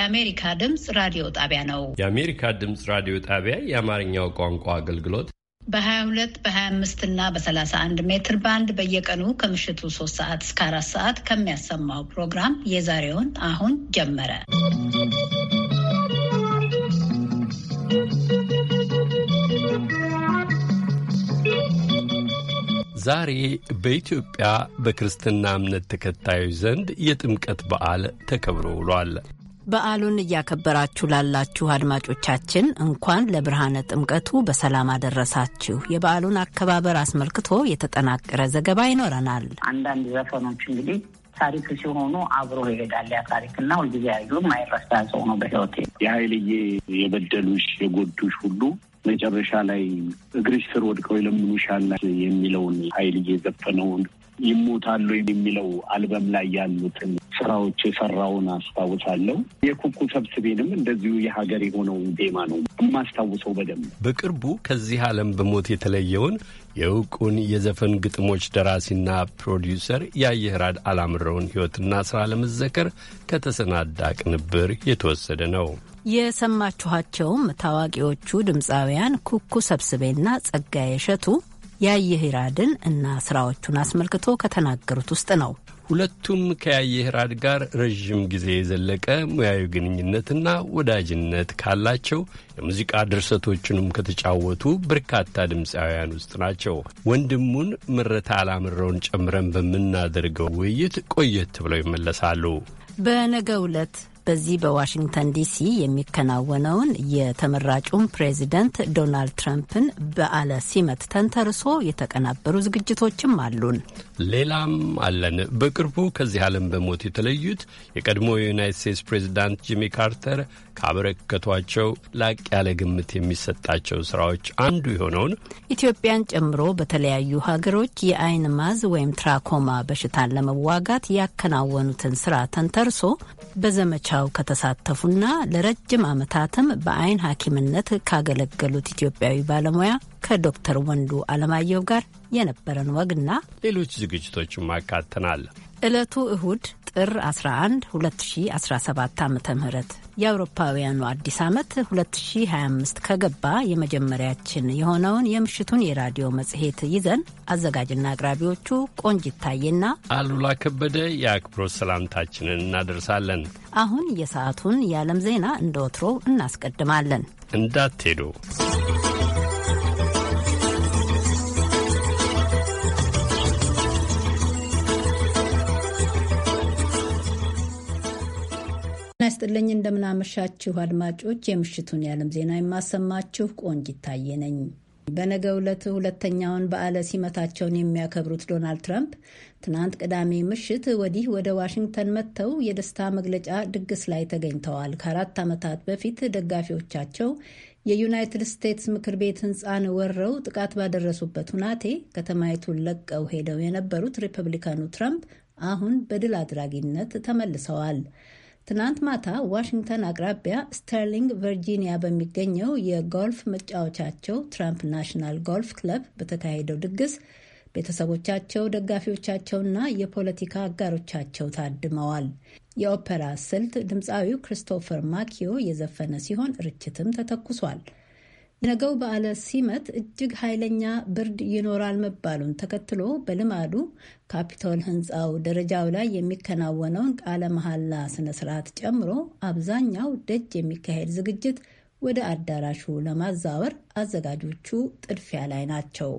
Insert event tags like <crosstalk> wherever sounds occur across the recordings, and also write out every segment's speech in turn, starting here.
የአሜሪካ ድምፅ ራዲዮ ጣቢያ ነው። የአሜሪካ ድምፅ ራዲዮ ጣቢያ የአማርኛው ቋንቋ አገልግሎት በ22 በ25 እና በ31 ሜትር ባንድ በየቀኑ ከምሽቱ 3 ሰዓት እስከ 4 ሰዓት ከሚያሰማው ፕሮግራም የዛሬውን አሁን ጀመረ። ዛሬ በኢትዮጵያ በክርስትና እምነት ተከታዮች ዘንድ የጥምቀት በዓል ተከብሮ ውሏል። በዓሉን እያከበራችሁ ላላችሁ አድማጮቻችን እንኳን ለብርሃነ ጥምቀቱ በሰላም አደረሳችሁ። የበዓሉን አከባበር አስመልክቶ የተጠናቀረ ዘገባ ይኖረናል። አንዳንድ ዘፈኖች እንግዲህ ታሪክ ሲሆኑ አብሮ ይሄዳል። ያ ታሪክ እና ሁልጊዜ ያዩም ማይረሳ ሰው ነው በሕይወት የሀይልዬ የበደሉሽ የጎዱሽ ሁሉ መጨረሻ ላይ እግርሽ ስር ወድቀው ይለምኑሻል የሚለውን ሀይልዬ ዘፈነውን ይሞታሉ የሚለው አልበም ላይ ያሉትን ስራዎች የሰራውን አስታውሳለሁ። የኩኩ ሰብስቤንም እንደዚሁ የሀገር የሆነውን ዜማ ነው የማስታውሰው በደንብ። በቅርቡ ከዚህ ዓለም በሞት የተለየውን የእውቁን የዘፈን ግጥሞች ደራሲና ፕሮዲውሰር ያየህራድ አላምረውን ሕይወትና ስራ ለመዘከር ከተሰናዳ ቅንብር የተወሰደ ነው። የሰማችኋቸውም ታዋቂዎቹ ድምፃውያን ኩኩ ሰብስቤና ጸጋዬ እሸቱ ያየህራድን እና ስራዎቹን አስመልክቶ ከተናገሩት ውስጥ ነው። ሁለቱም ከያየህራድ ጋር ረዥም ጊዜ የዘለቀ ሙያዊ ግንኙነትና ወዳጅነት ካላቸው የሙዚቃ ድርሰቶቹንም ከተጫወቱ በርካታ ድምፃውያን ውስጥ ናቸው። ወንድሙን ምረታ አላምረውን ጨምረን በምናደርገው ውይይት ቆየት ብለው ይመለሳሉ። በነገ ዕለት በዚህ በዋሽንግተን ዲሲ የሚከናወነውን የተመራጩን ፕሬዚደንት ዶናልድ ትራምፕን በዓለ ሲመት ተንተርሶ የተቀናበሩ ዝግጅቶችም አሉን። ሌላም አለን። በቅርቡ ከዚህ ዓለም በሞት የተለዩት የቀድሞ የዩናይት ስቴትስ ፕሬዚዳንት ጂሚ ካርተር ካበረከቷቸው ላቅ ያለ ግምት የሚሰጣቸው ስራዎች አንዱ የሆነውን ኢትዮጵያን ጨምሮ በተለያዩ ሀገሮች የአይን ማዝ ወይም ትራኮማ በሽታን ለመዋጋት ያከናወኑትን ስራ ተንተርሶ በዘመቻ ዘመቻው ከተሳተፉና ለረጅም ዓመታትም በአይን ሐኪምነት ካገለገሉት ኢትዮጵያዊ ባለሙያ ከዶክተር ወንዱ አለማየሁ ጋር የነበረን ወግና ሌሎች ዝግጅቶችም አካተናል። ዕለቱ እሁድ ጥር 11 2017 ዓ ም የአውሮፓውያኑ አዲስ ዓመት 2025 ከገባ የመጀመሪያችን የሆነውን የምሽቱን የራዲዮ መጽሔት ይዘን አዘጋጅና አቅራቢዎቹ ቆንጅ ይታየና አሉላ ከበደ የአክብሮት ሰላምታችንን እናደርሳለን። አሁን የሰዓቱን የዓለም ዜና እንደ ወትሮው እናስቀድማለን። እንዳትሄዱ ያስጥልኝ እንደምናመሻችሁ አድማጮች፣ የምሽቱን የዓለም ዜና የማሰማችሁ ቆንጅ ይታየ ነኝ። በነገው ዕለት ሁለተኛውን በዓለ ሲመታቸውን የሚያከብሩት ዶናልድ ትራምፕ ትናንት ቅዳሜ ምሽት ወዲህ ወደ ዋሽንግተን መጥተው የደስታ መግለጫ ድግስ ላይ ተገኝተዋል። ከአራት ዓመታት በፊት ደጋፊዎቻቸው የዩናይትድ ስቴትስ ምክር ቤት ሕንፃን ወረው ጥቃት ባደረሱበት ሁናቴ ከተማይቱን ለቀው ሄደው የነበሩት ሪፐብሊካኑ ትራምፕ አሁን በድል አድራጊነት ተመልሰዋል። ትናንት ማታ ዋሽንግተን አቅራቢያ ስተርሊንግ ቨርጂኒያ በሚገኘው የጎልፍ መጫወቻቸው ትራምፕ ናሽናል ጎልፍ ክለብ በተካሄደው ድግስ ቤተሰቦቻቸው፣ ደጋፊዎቻቸውና የፖለቲካ አጋሮቻቸው ታድመዋል። የኦፔራ ስልት ድምፃዊው ክሪስቶፈር ማኪዮ የዘፈነ ሲሆን ርችትም ተተኩሷል። ነገው በዓለ ሲመት እጅግ ኃይለኛ ብርድ ይኖራል መባሉን ተከትሎ በልማዱ ካፒቶል ህንፃው ደረጃው ላይ የሚከናወነውን ቃለ መሐላ ስነ ስርዓት ጨምሮ አብዛኛው ደጅ የሚካሄድ ዝግጅት ወደ አዳራሹ ለማዛወር አዘጋጆቹ ጥድፊያ ላይ ናቸው።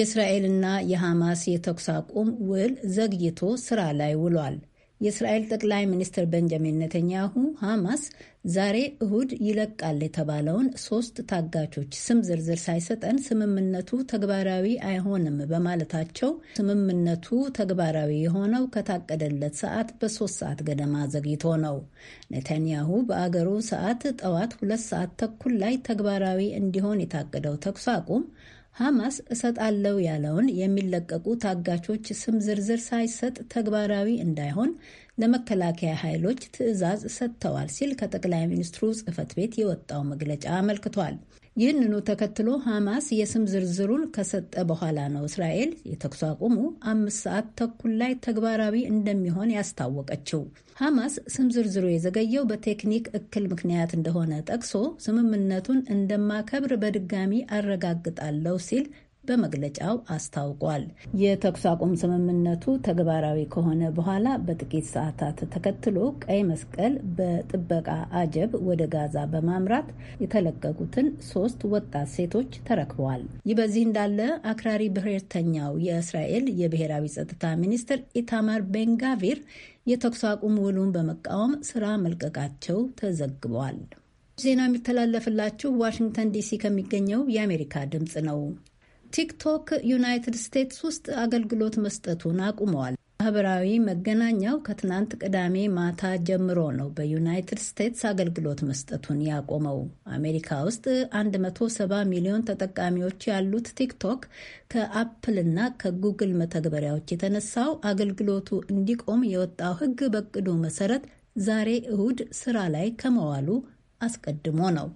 የእስራኤልና የሐማስ የተኩስ አቁም ውል ዘግይቶ ስራ ላይ ውሏል። የእስራኤል ጠቅላይ ሚኒስትር ቤንጃሚን ኔተንያሁ ሐማስ ዛሬ እሁድ ይለቃል የተባለውን ሶስት ታጋቾች ስም ዝርዝር ሳይሰጠን ስምምነቱ ተግባራዊ አይሆንም በማለታቸው ስምምነቱ ተግባራዊ የሆነው ከታቀደለት ሰዓት በሶስት ሰዓት ገደማ ዘግይቶ ነው። ኔታንያሁ በአገሩ ሰዓት ጠዋት ሁለት ሰዓት ተኩል ላይ ተግባራዊ እንዲሆን የታቀደው ተኩስ አቁም ሐማስ እሰጣለው ያለውን የሚለቀቁ ታጋቾች ስም ዝርዝር ሳይሰጥ ተግባራዊ እንዳይሆን ለመከላከያ ኃይሎች ትዕዛዝ ሰጥተዋል ሲል ከጠቅላይ ሚኒስትሩ ጽህፈት ቤት የወጣው መግለጫ አመልክቷል። ይህንኑ ተከትሎ ሐማስ የስም ዝርዝሩን ከሰጠ በኋላ ነው እስራኤል የተኩስ አቁሙ አምስት ሰዓት ተኩል ላይ ተግባራዊ እንደሚሆን ያስታወቀችው። ሐማስ ስም ዝርዝሩ የዘገየው በቴክኒክ እክል ምክንያት እንደሆነ ጠቅሶ ስምምነቱን እንደማከብር በድጋሚ አረጋግጣለሁ ሲል በመግለጫው አስታውቋል። የተኩስ አቁም ስምምነቱ ተግባራዊ ከሆነ በኋላ በጥቂት ሰዓታት ተከትሎ ቀይ መስቀል በጥበቃ አጀብ ወደ ጋዛ በማምራት የተለቀቁትን ሶስት ወጣት ሴቶች ተረክበዋል። ይህ በዚህ እንዳለ አክራሪ ብሔርተኛው የእስራኤል የብሔራዊ ጸጥታ ሚኒስትር ኢታማር ቤንጋቪር የተኩስ አቁም ውሉን በመቃወም ስራ መልቀቃቸው ተዘግቧል። ዜና የሚተላለፍላችሁ ዋሽንግተን ዲሲ ከሚገኘው የአሜሪካ ድምፅ ነው። ቲክቶክ ዩናይትድ ስቴትስ ውስጥ አገልግሎት መስጠቱን አቁመዋል። ማህበራዊ መገናኛው ከትናንት ቅዳሜ ማታ ጀምሮ ነው በዩናይትድ ስቴትስ አገልግሎት መስጠቱን ያቆመው። አሜሪካ ውስጥ 170 ሚሊዮን ተጠቃሚዎች ያሉት ቲክቶክ ከአፕልና ከጉግል መተግበሪያዎች የተነሳው አገልግሎቱ እንዲቆም የወጣው ሕግ በቅዱ መሰረት ዛሬ እሁድ ስራ ላይ ከመዋሉ አስቀድሞ ነው።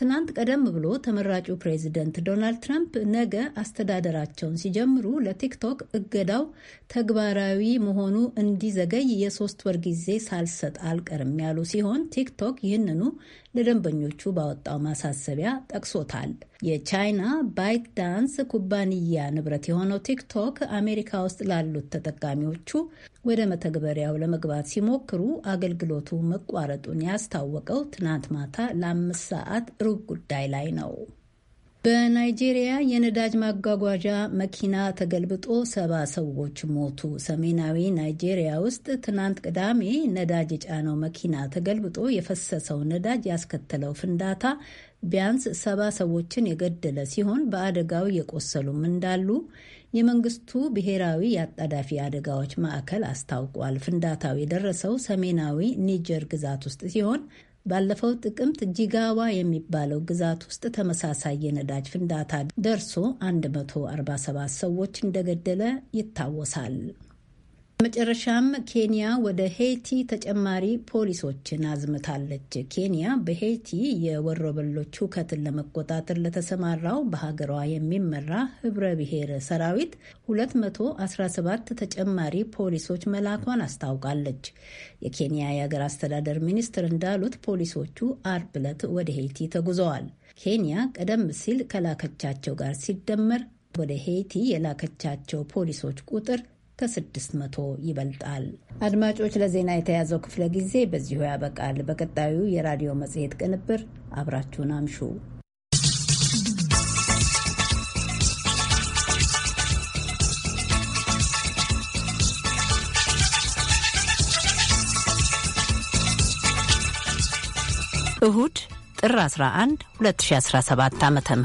ትናንት ቀደም ብሎ ተመራጩ ፕሬዚደንት ዶናልድ ትራምፕ ነገ አስተዳደራቸውን ሲጀምሩ ለቲክቶክ እገዳው ተግባራዊ መሆኑ እንዲዘገይ የሶስት ወር ጊዜ ሳልሰጥ አልቀርም ያሉ ሲሆን ቲክቶክ ይህንኑ ለደንበኞቹ ባወጣው ማሳሰቢያ ጠቅሶታል። የቻይና ባይት ዳንስ ኩባንያ ንብረት የሆነው ቲክቶክ አሜሪካ ውስጥ ላሉት ተጠቃሚዎቹ ወደ መተግበሪያው ለመግባት ሲሞክሩ አገልግሎቱ መቋረጡን ያስታወቀው ትናንት ማታ ለአምስት ሰዓት ሩቅ ጉዳይ ላይ ነው። በናይጄሪያ የነዳጅ ማጓጓዣ መኪና ተገልብጦ ሰባ ሰዎች ሞቱ። ሰሜናዊ ናይጄሪያ ውስጥ ትናንት ቅዳሜ ነዳጅ የጫነው መኪና ተገልብጦ የፈሰሰው ነዳጅ ያስከተለው ፍንዳታ ቢያንስ ሰባ ሰዎችን የገደለ ሲሆን በአደጋው የቆሰሉም እንዳሉ የመንግስቱ ብሔራዊ የአጣዳፊ አደጋዎች ማዕከል አስታውቋል። ፍንዳታው የደረሰው ሰሜናዊ ኒጀር ግዛት ውስጥ ሲሆን ባለፈው ጥቅምት ጂጋዋ የሚባለው ግዛት ውስጥ ተመሳሳይ የነዳጅ ፍንዳታ ደርሶ 147 ሰዎች እንደገደለ ይታወሳል። በመጨረሻም ኬንያ ወደ ሄይቲ ተጨማሪ ፖሊሶችን አዝምታለች። ኬንያ በሄይቲ የወሮበሎች ሁከትን ለመቆጣጠር ለተሰማራው በሀገሯ የሚመራ ህብረ ብሔር ሰራዊት 217 ተጨማሪ ፖሊሶች መላኳን አስታውቃለች። የኬንያ የሀገር አስተዳደር ሚኒስትር እንዳሉት ፖሊሶቹ አርብ ዕለት ወደ ሄይቲ ተጉዘዋል። ኬንያ ቀደም ሲል ከላከቻቸው ጋር ሲደመር ወደ ሄይቲ የላከቻቸው ፖሊሶች ቁጥር ከ600 ይበልጣል። አድማጮች፣ ለዜና የተያዘው ክፍለ ጊዜ በዚሁ ያበቃል። በቀጣዩ የራዲዮ መጽሔት ቅንብር አብራችሁን አምሹ። እሁድ ጥር 11 2017 ዓ ም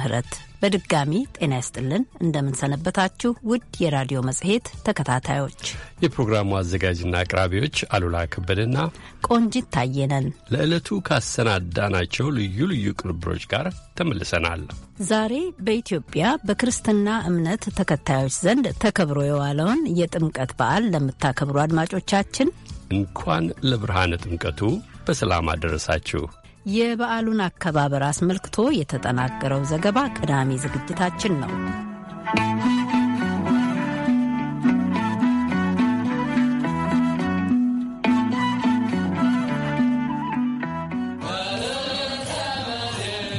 በድጋሚ ጤና ይስጥልን። እንደምንሰነበታችሁ ውድ የራዲዮ መጽሔት ተከታታዮች፣ የፕሮግራሙ አዘጋጅና አቅራቢዎች አሉላ ከበደና ቆንጂት ታየነን ለዕለቱ ካሰናዳናቸው ልዩ ልዩ ቅንብሮች ጋር ተመልሰናል። ዛሬ በኢትዮጵያ በክርስትና እምነት ተከታዮች ዘንድ ተከብሮ የዋለውን የጥምቀት በዓል ለምታከብሩ አድማጮቻችን እንኳን ለብርሃነ ጥምቀቱ በሰላም አደረሳችሁ የበዓሉን አከባበር አስመልክቶ የተጠናቀረው ዘገባ ቀዳሚ ዝግጅታችን ነው።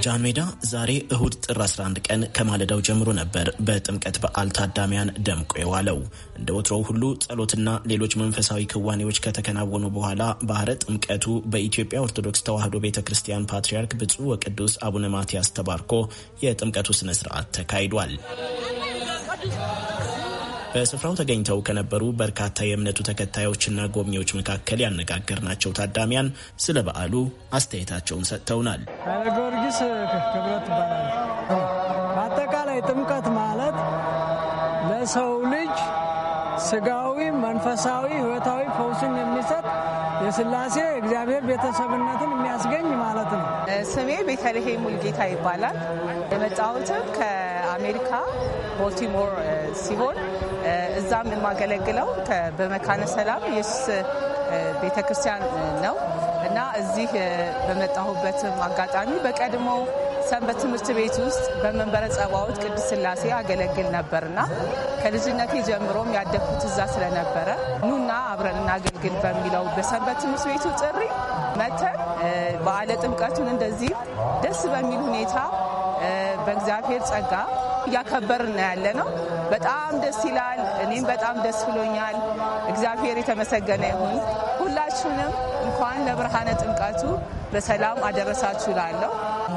ጃን ሜዳ ዛሬ እሁድ ጥር 11 ቀን ከማለዳው ጀምሮ ነበር በጥምቀት በዓል ታዳሚያን ደምቆ የዋለው። እንደ ወትሮው ሁሉ ጸሎትና ሌሎች መንፈሳዊ ክዋኔዎች ከተከናወኑ በኋላ ባህረ ጥምቀቱ በኢትዮጵያ ኦርቶዶክስ ተዋሕዶ ቤተ ክርስቲያን ፓትርያርክ ብፁዕ ወቅዱስ አቡነ ማትያስ ተባርኮ የጥምቀቱ ስነ ስርዓት ተካሂዷል። በስፍራው ተገኝተው ከነበሩ በርካታ የእምነቱ ተከታዮችና ጎብኚዎች መካከል ያነጋገርናቸው ታዳሚያን ስለ በዓሉ አስተያየታቸውን ሰጥተውናል። ኃይለ ጊዮርጊስ ክብረት ይባላል። በአጠቃላይ ጥምቀት ማለት ለሰው ልጅ ስጋዊ፣ መንፈሳዊ፣ ህይወታዊ ፈውስን የሚሰጥ የስላሴ እግዚአብሔር ቤተሰብነትን የሚያስገኝ ማለት ነው። ስሜ ቤተልሔም ሙልጌታ ይባላል። የመጣሁትም ከአሜሪካ ቦልቲሞር ሲሆን እዛም የማገለግለው በመካነ ሰላም ኢየሱስ ቤተ ክርስቲያን ነው እና እዚህ በመጣሁበትም አጋጣሚ በቀድሞ ሰንበት ትምህርት ቤት ውስጥ በመንበረ ጸባዖት ቅድስት ሥላሴ አገለግል ነበርና ከልጅነቴ ጀምሮም ያደግኩት እዛ ስለነበረ ኑና አብረን እናገልግል በሚለው በሰንበት ትምህርት ቤቱ ጥሪ መተን በዓለ ጥምቀቱን እንደዚህ ደስ በሚል ሁኔታ በእግዚአብሔር ጸጋ እያከበርን ያለ ነው። በጣም ደስ ይላል። እኔም በጣም ደስ ብሎኛል። እግዚአብሔር የተመሰገነ ይሁን። ሁላችሁንም እንኳን ለብርሃነ ጥምቀቱ በሰላም አደረሳችሁ ላለሁ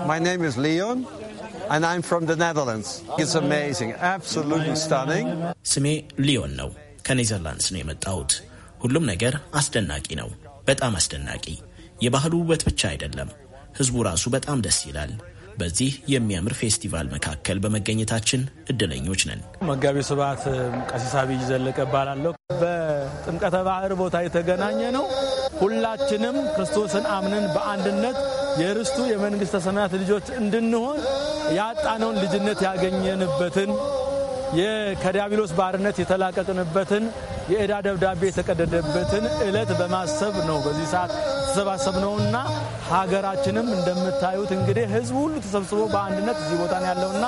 My name is ስሜ ሊዮን ነው። ከኔዘርላንድስ ነው የመጣሁት። ሁሉም ነገር አስደናቂ ነው። በጣም አስደናቂ። የባህሉ ውበት ብቻ አይደለም፣ ህዝቡ ራሱ በጣም ደስ ይላል። በዚህ የሚያምር ፌስቲቫል መካከል በመገኘታችን እድለኞች ነን። መጋቢ ስብሐት ቀሲስ አብይ ዘለቀ እባላለሁ። በጥምቀተ ባህር ቦታ የተገናኘ ነው። ሁላችንም ክርስቶስን አምነን በአንድነት የርስቱ የመንግሥተ ሰማያት ልጆች እንድንሆን ያጣነውን ልጅነት ያገኘንበትን ከዲያብሎስ ባርነት የተላቀቅንበትን የእዳ ደብዳቤ የተቀደደበትን እለት በማሰብ ነው በዚህ ሰዓት ነውና ሀገራችንም እንደምታዩት እንግዲህ ህዝቡ ሁሉ ተሰብስቦ በአንድነት እዚህ ቦታ ያለውና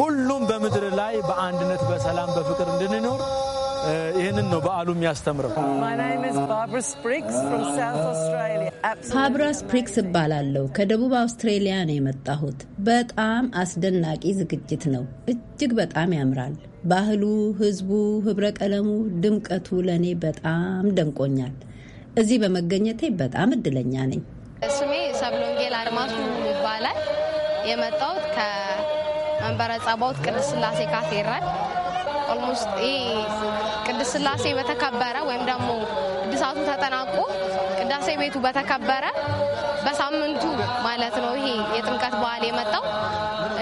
ሁሉም በምድር ላይ በአንድነት በሰላም በፍቅር እንድንኖር Uh, ይህንን ነው በዓሉ የሚያስተምረው። ፋብራ ስፕሪክስ እባላለሁ። ከደቡብ አውስትሬሊያ ነው የመጣሁት። በጣም አስደናቂ ዝግጅት ነው። እጅግ በጣም ያምራል። ባህሉ፣ ህዝቡ፣ ህብረ ቀለሙ፣ ድምቀቱ ለእኔ በጣም ደንቆኛል። እዚህ በመገኘቴ በጣም እድለኛ ነኝ። ስሜ ሰብሎንጌል አድማሱ ይባላል። የመጣሁት ከመንበረ ጸባዖት ቅድስት ስላሴ ካቴድራል ኦልሞስት ቅድስት ስላሴ በተከበረ ወይም ደግሞ እድሳቱ ተጠናቆ ቅዳሴ ቤቱ በተከበረ በሳምንቱ ማለት ነው ይሄ የጥምቀት በዓል የመጣው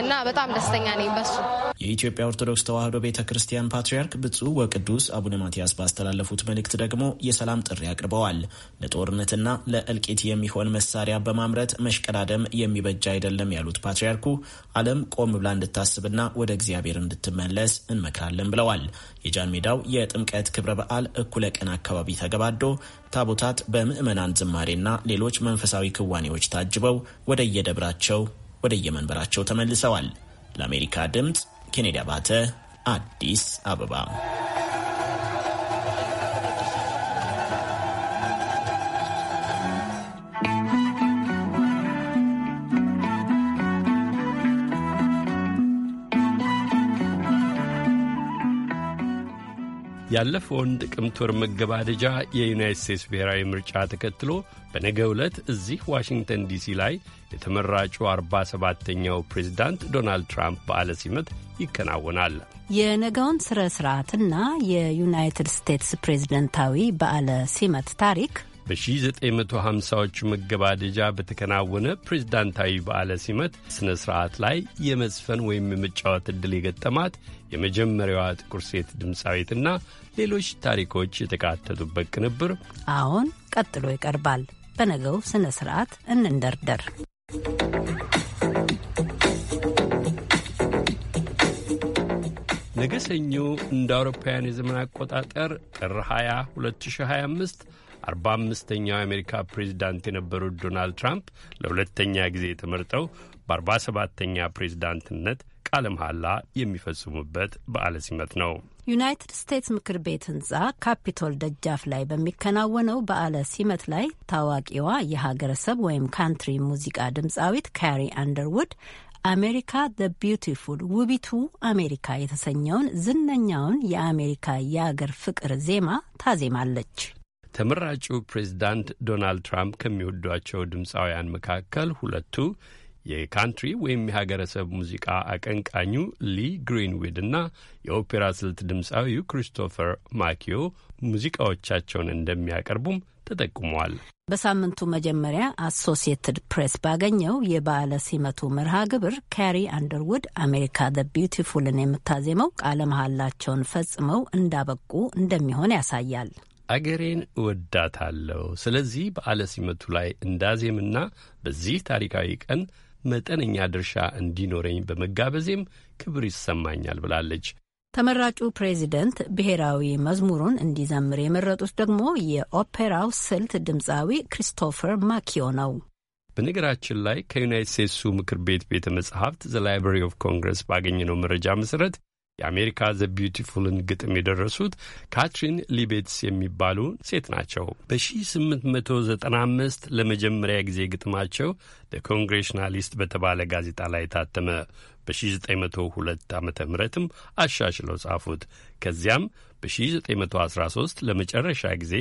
እና በጣም ደስተኛ ነኝ በሱ። የኢትዮጵያ ኦርቶዶክስ ተዋሕዶ ቤተ ክርስቲያን ፓትርያርክ ብፁዕ ወቅዱስ አቡነ ማትያስ ባስተላለፉት መልእክት ደግሞ የሰላም ጥሪ አቅርበዋል። ለጦርነትና ለእልቂት የሚሆን መሳሪያ በማምረት መሽቀዳደም የሚበጃ አይደለም ያሉት ፓትርያርኩ ዓለም ቆም ብላ እንድታስብና ወደ እግዚአብሔር እንድትመለስ እንመክራለን ብለዋል። የጃን ሜዳው የጥምቀት ክብረ በዓል እኩለ ቀን አካባቢ ተገባዶ ታቦታት በምዕመናን ዝማሬና ሌሎች መንፈሳዊ ክዋኔዎች ታጅበው ወደየደብራቸው ወደየመንበራቸው ተመልሰዋል። ለአሜሪካ ድምፅ ኬኔዲ አባተ አዲስ አበባ ያለፈውን ጥቅምት ወር መገባደጃ የዩናይት ስቴትስ ብሔራዊ ምርጫ ተከትሎ በነገ ዕለት እዚህ ዋሽንግተን ዲሲ ላይ የተመራጩ 47ተኛው ፕሬዚዳንት ዶናልድ ትራምፕ በዓለ ሲመት ይከናወናል። የነገውን ሥነ ሥርዓትና የዩናይትድ ስቴትስ ፕሬዝደንታዊ በዓለ ሲመት ታሪክ በ1950ዎቹ መገባደጃ በተከናወነ ፕሬዝዳንታዊ በዓለ ሲመት ሥነ ሥርዓት ላይ የመዝፈን ወይም የመጫወት ዕድል የገጠማት የመጀመሪያዋ ጥቁር ሴት ድምፃዊትና ሌሎች ታሪኮች የተካተቱበት ቅንብር አሁን ቀጥሎ ይቀርባል። በነገው ስነ ስርዓት እንንደርደር። ነገ ሰኞ እንደ አውሮፓውያን የዘመን አቆጣጠር ጥር 20 2025 አርባ አምስተኛው የአሜሪካ ፕሬዚዳንት የነበሩት ዶናልድ ትራምፕ ለሁለተኛ ጊዜ ተመርጠው በአርባ ሰባተኛ ፕሬዚዳንትነት ቃለ መሐላ የሚፈጽሙበት በዓለ ሲመት ነው። ዩናይትድ ስቴትስ ምክር ቤት ህንጻ ካፒቶል ደጃፍ ላይ በሚከናወነው በዓለ ሲመት ላይ ታዋቂዋ የሀገረሰብ ወይም ካንትሪ ሙዚቃ ድምፃዊት ካሪ አንደርውድ አሜሪካ ዘ ቢዩቲፉል ውቢቱ አሜሪካ የተሰኘውን ዝነኛውን የአሜሪካ የአገር ፍቅር ዜማ ታዜማለች። ተመራጩ ፕሬዚዳንት ዶናልድ ትራምፕ ከሚወዷቸው ድምፃውያን መካከል ሁለቱ የካንትሪ ወይም የሀገረሰብ ሙዚቃ አቀንቃኙ ሊ ግሪንዊድ እና የኦፔራ ስልት ድምፃዊው ክሪስቶፈር ማኪዮ ሙዚቃዎቻቸውን እንደሚያቀርቡም ተጠቁመዋል። በሳምንቱ መጀመሪያ አሶሲየትድ ፕሬስ ባገኘው የበዓለ ሲመቱ መርሃ ግብር ካሪ አንደርውድ አሜሪካ ዘ ቢዩቲፉልን የምታዜመው ቃለ መሐላቸውን ፈጽመው እንዳበቁ እንደሚሆን ያሳያል። አገሬን እወዳታለሁ፣ ስለዚህ በዓለ ሲመቱ ላይ እንዳዜምና በዚህ ታሪካዊ ቀን መጠነኛ ድርሻ እንዲኖረኝ በመጋበዜም ክብር ይሰማኛል ብላለች። ተመራጩ ፕሬዚደንት ብሔራዊ መዝሙሩን እንዲዘምር የመረጡት ደግሞ የኦፔራው ስልት ድምፃዊ ክሪስቶፈር ማኪዮ ነው። በነገራችን ላይ ከዩናይት ስቴትሱ ምክር ቤት ቤተ መጽሕፍት ዘ ላይብራሪ ኦፍ ኮንግረስ ባገኘነው መረጃ መሰረት የአሜሪካ ዘ ቢዩቲፉልን ግጥም የደረሱት ካትሪን ሊቤትስ የሚባሉ ሴት ናቸው። በ1895 ለመጀመሪያ ጊዜ ግጥማቸው ኮንግሬሽናሊስት በተባለ ጋዜጣ ላይ ታተመ። በ1902 ዓ ምም አሻሽለው ጻፉት። ከዚያም በ1913 ለመጨረሻ ጊዜ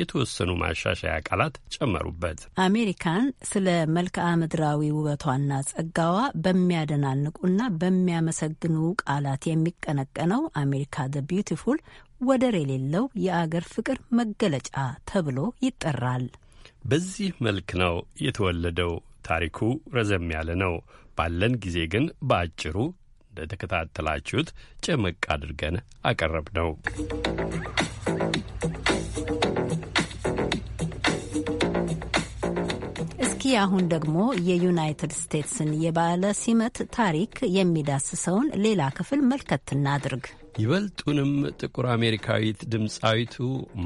የተወሰኑ ማሻሻያ ቃላት ጨመሩበት። አሜሪካን ስለ መልክዓ ምድራዊ ውበቷና ጸጋዋ በሚያደናንቁና በሚያመሰግኑ ቃላት የሚቀነቀነው አሜሪካ ዘ ቢዩቲፉል ወደር የሌለው የአገር ፍቅር መገለጫ ተብሎ ይጠራል። በዚህ መልክ ነው የተወለደው። ታሪኩ ረዘም ያለ ነው። ባለን ጊዜ ግን በአጭሩ እንደተከታተላችሁት ጭምቅ አድርገን አቀረብ ነው። እስኪ አሁን ደግሞ የዩናይትድ ስቴትስን የባለ ሲመት ታሪክ የሚዳስሰውን ሌላ ክፍል መልከት እናድርግ። ይበልጡንም ጥቁር አሜሪካዊት ድምፃዊቱ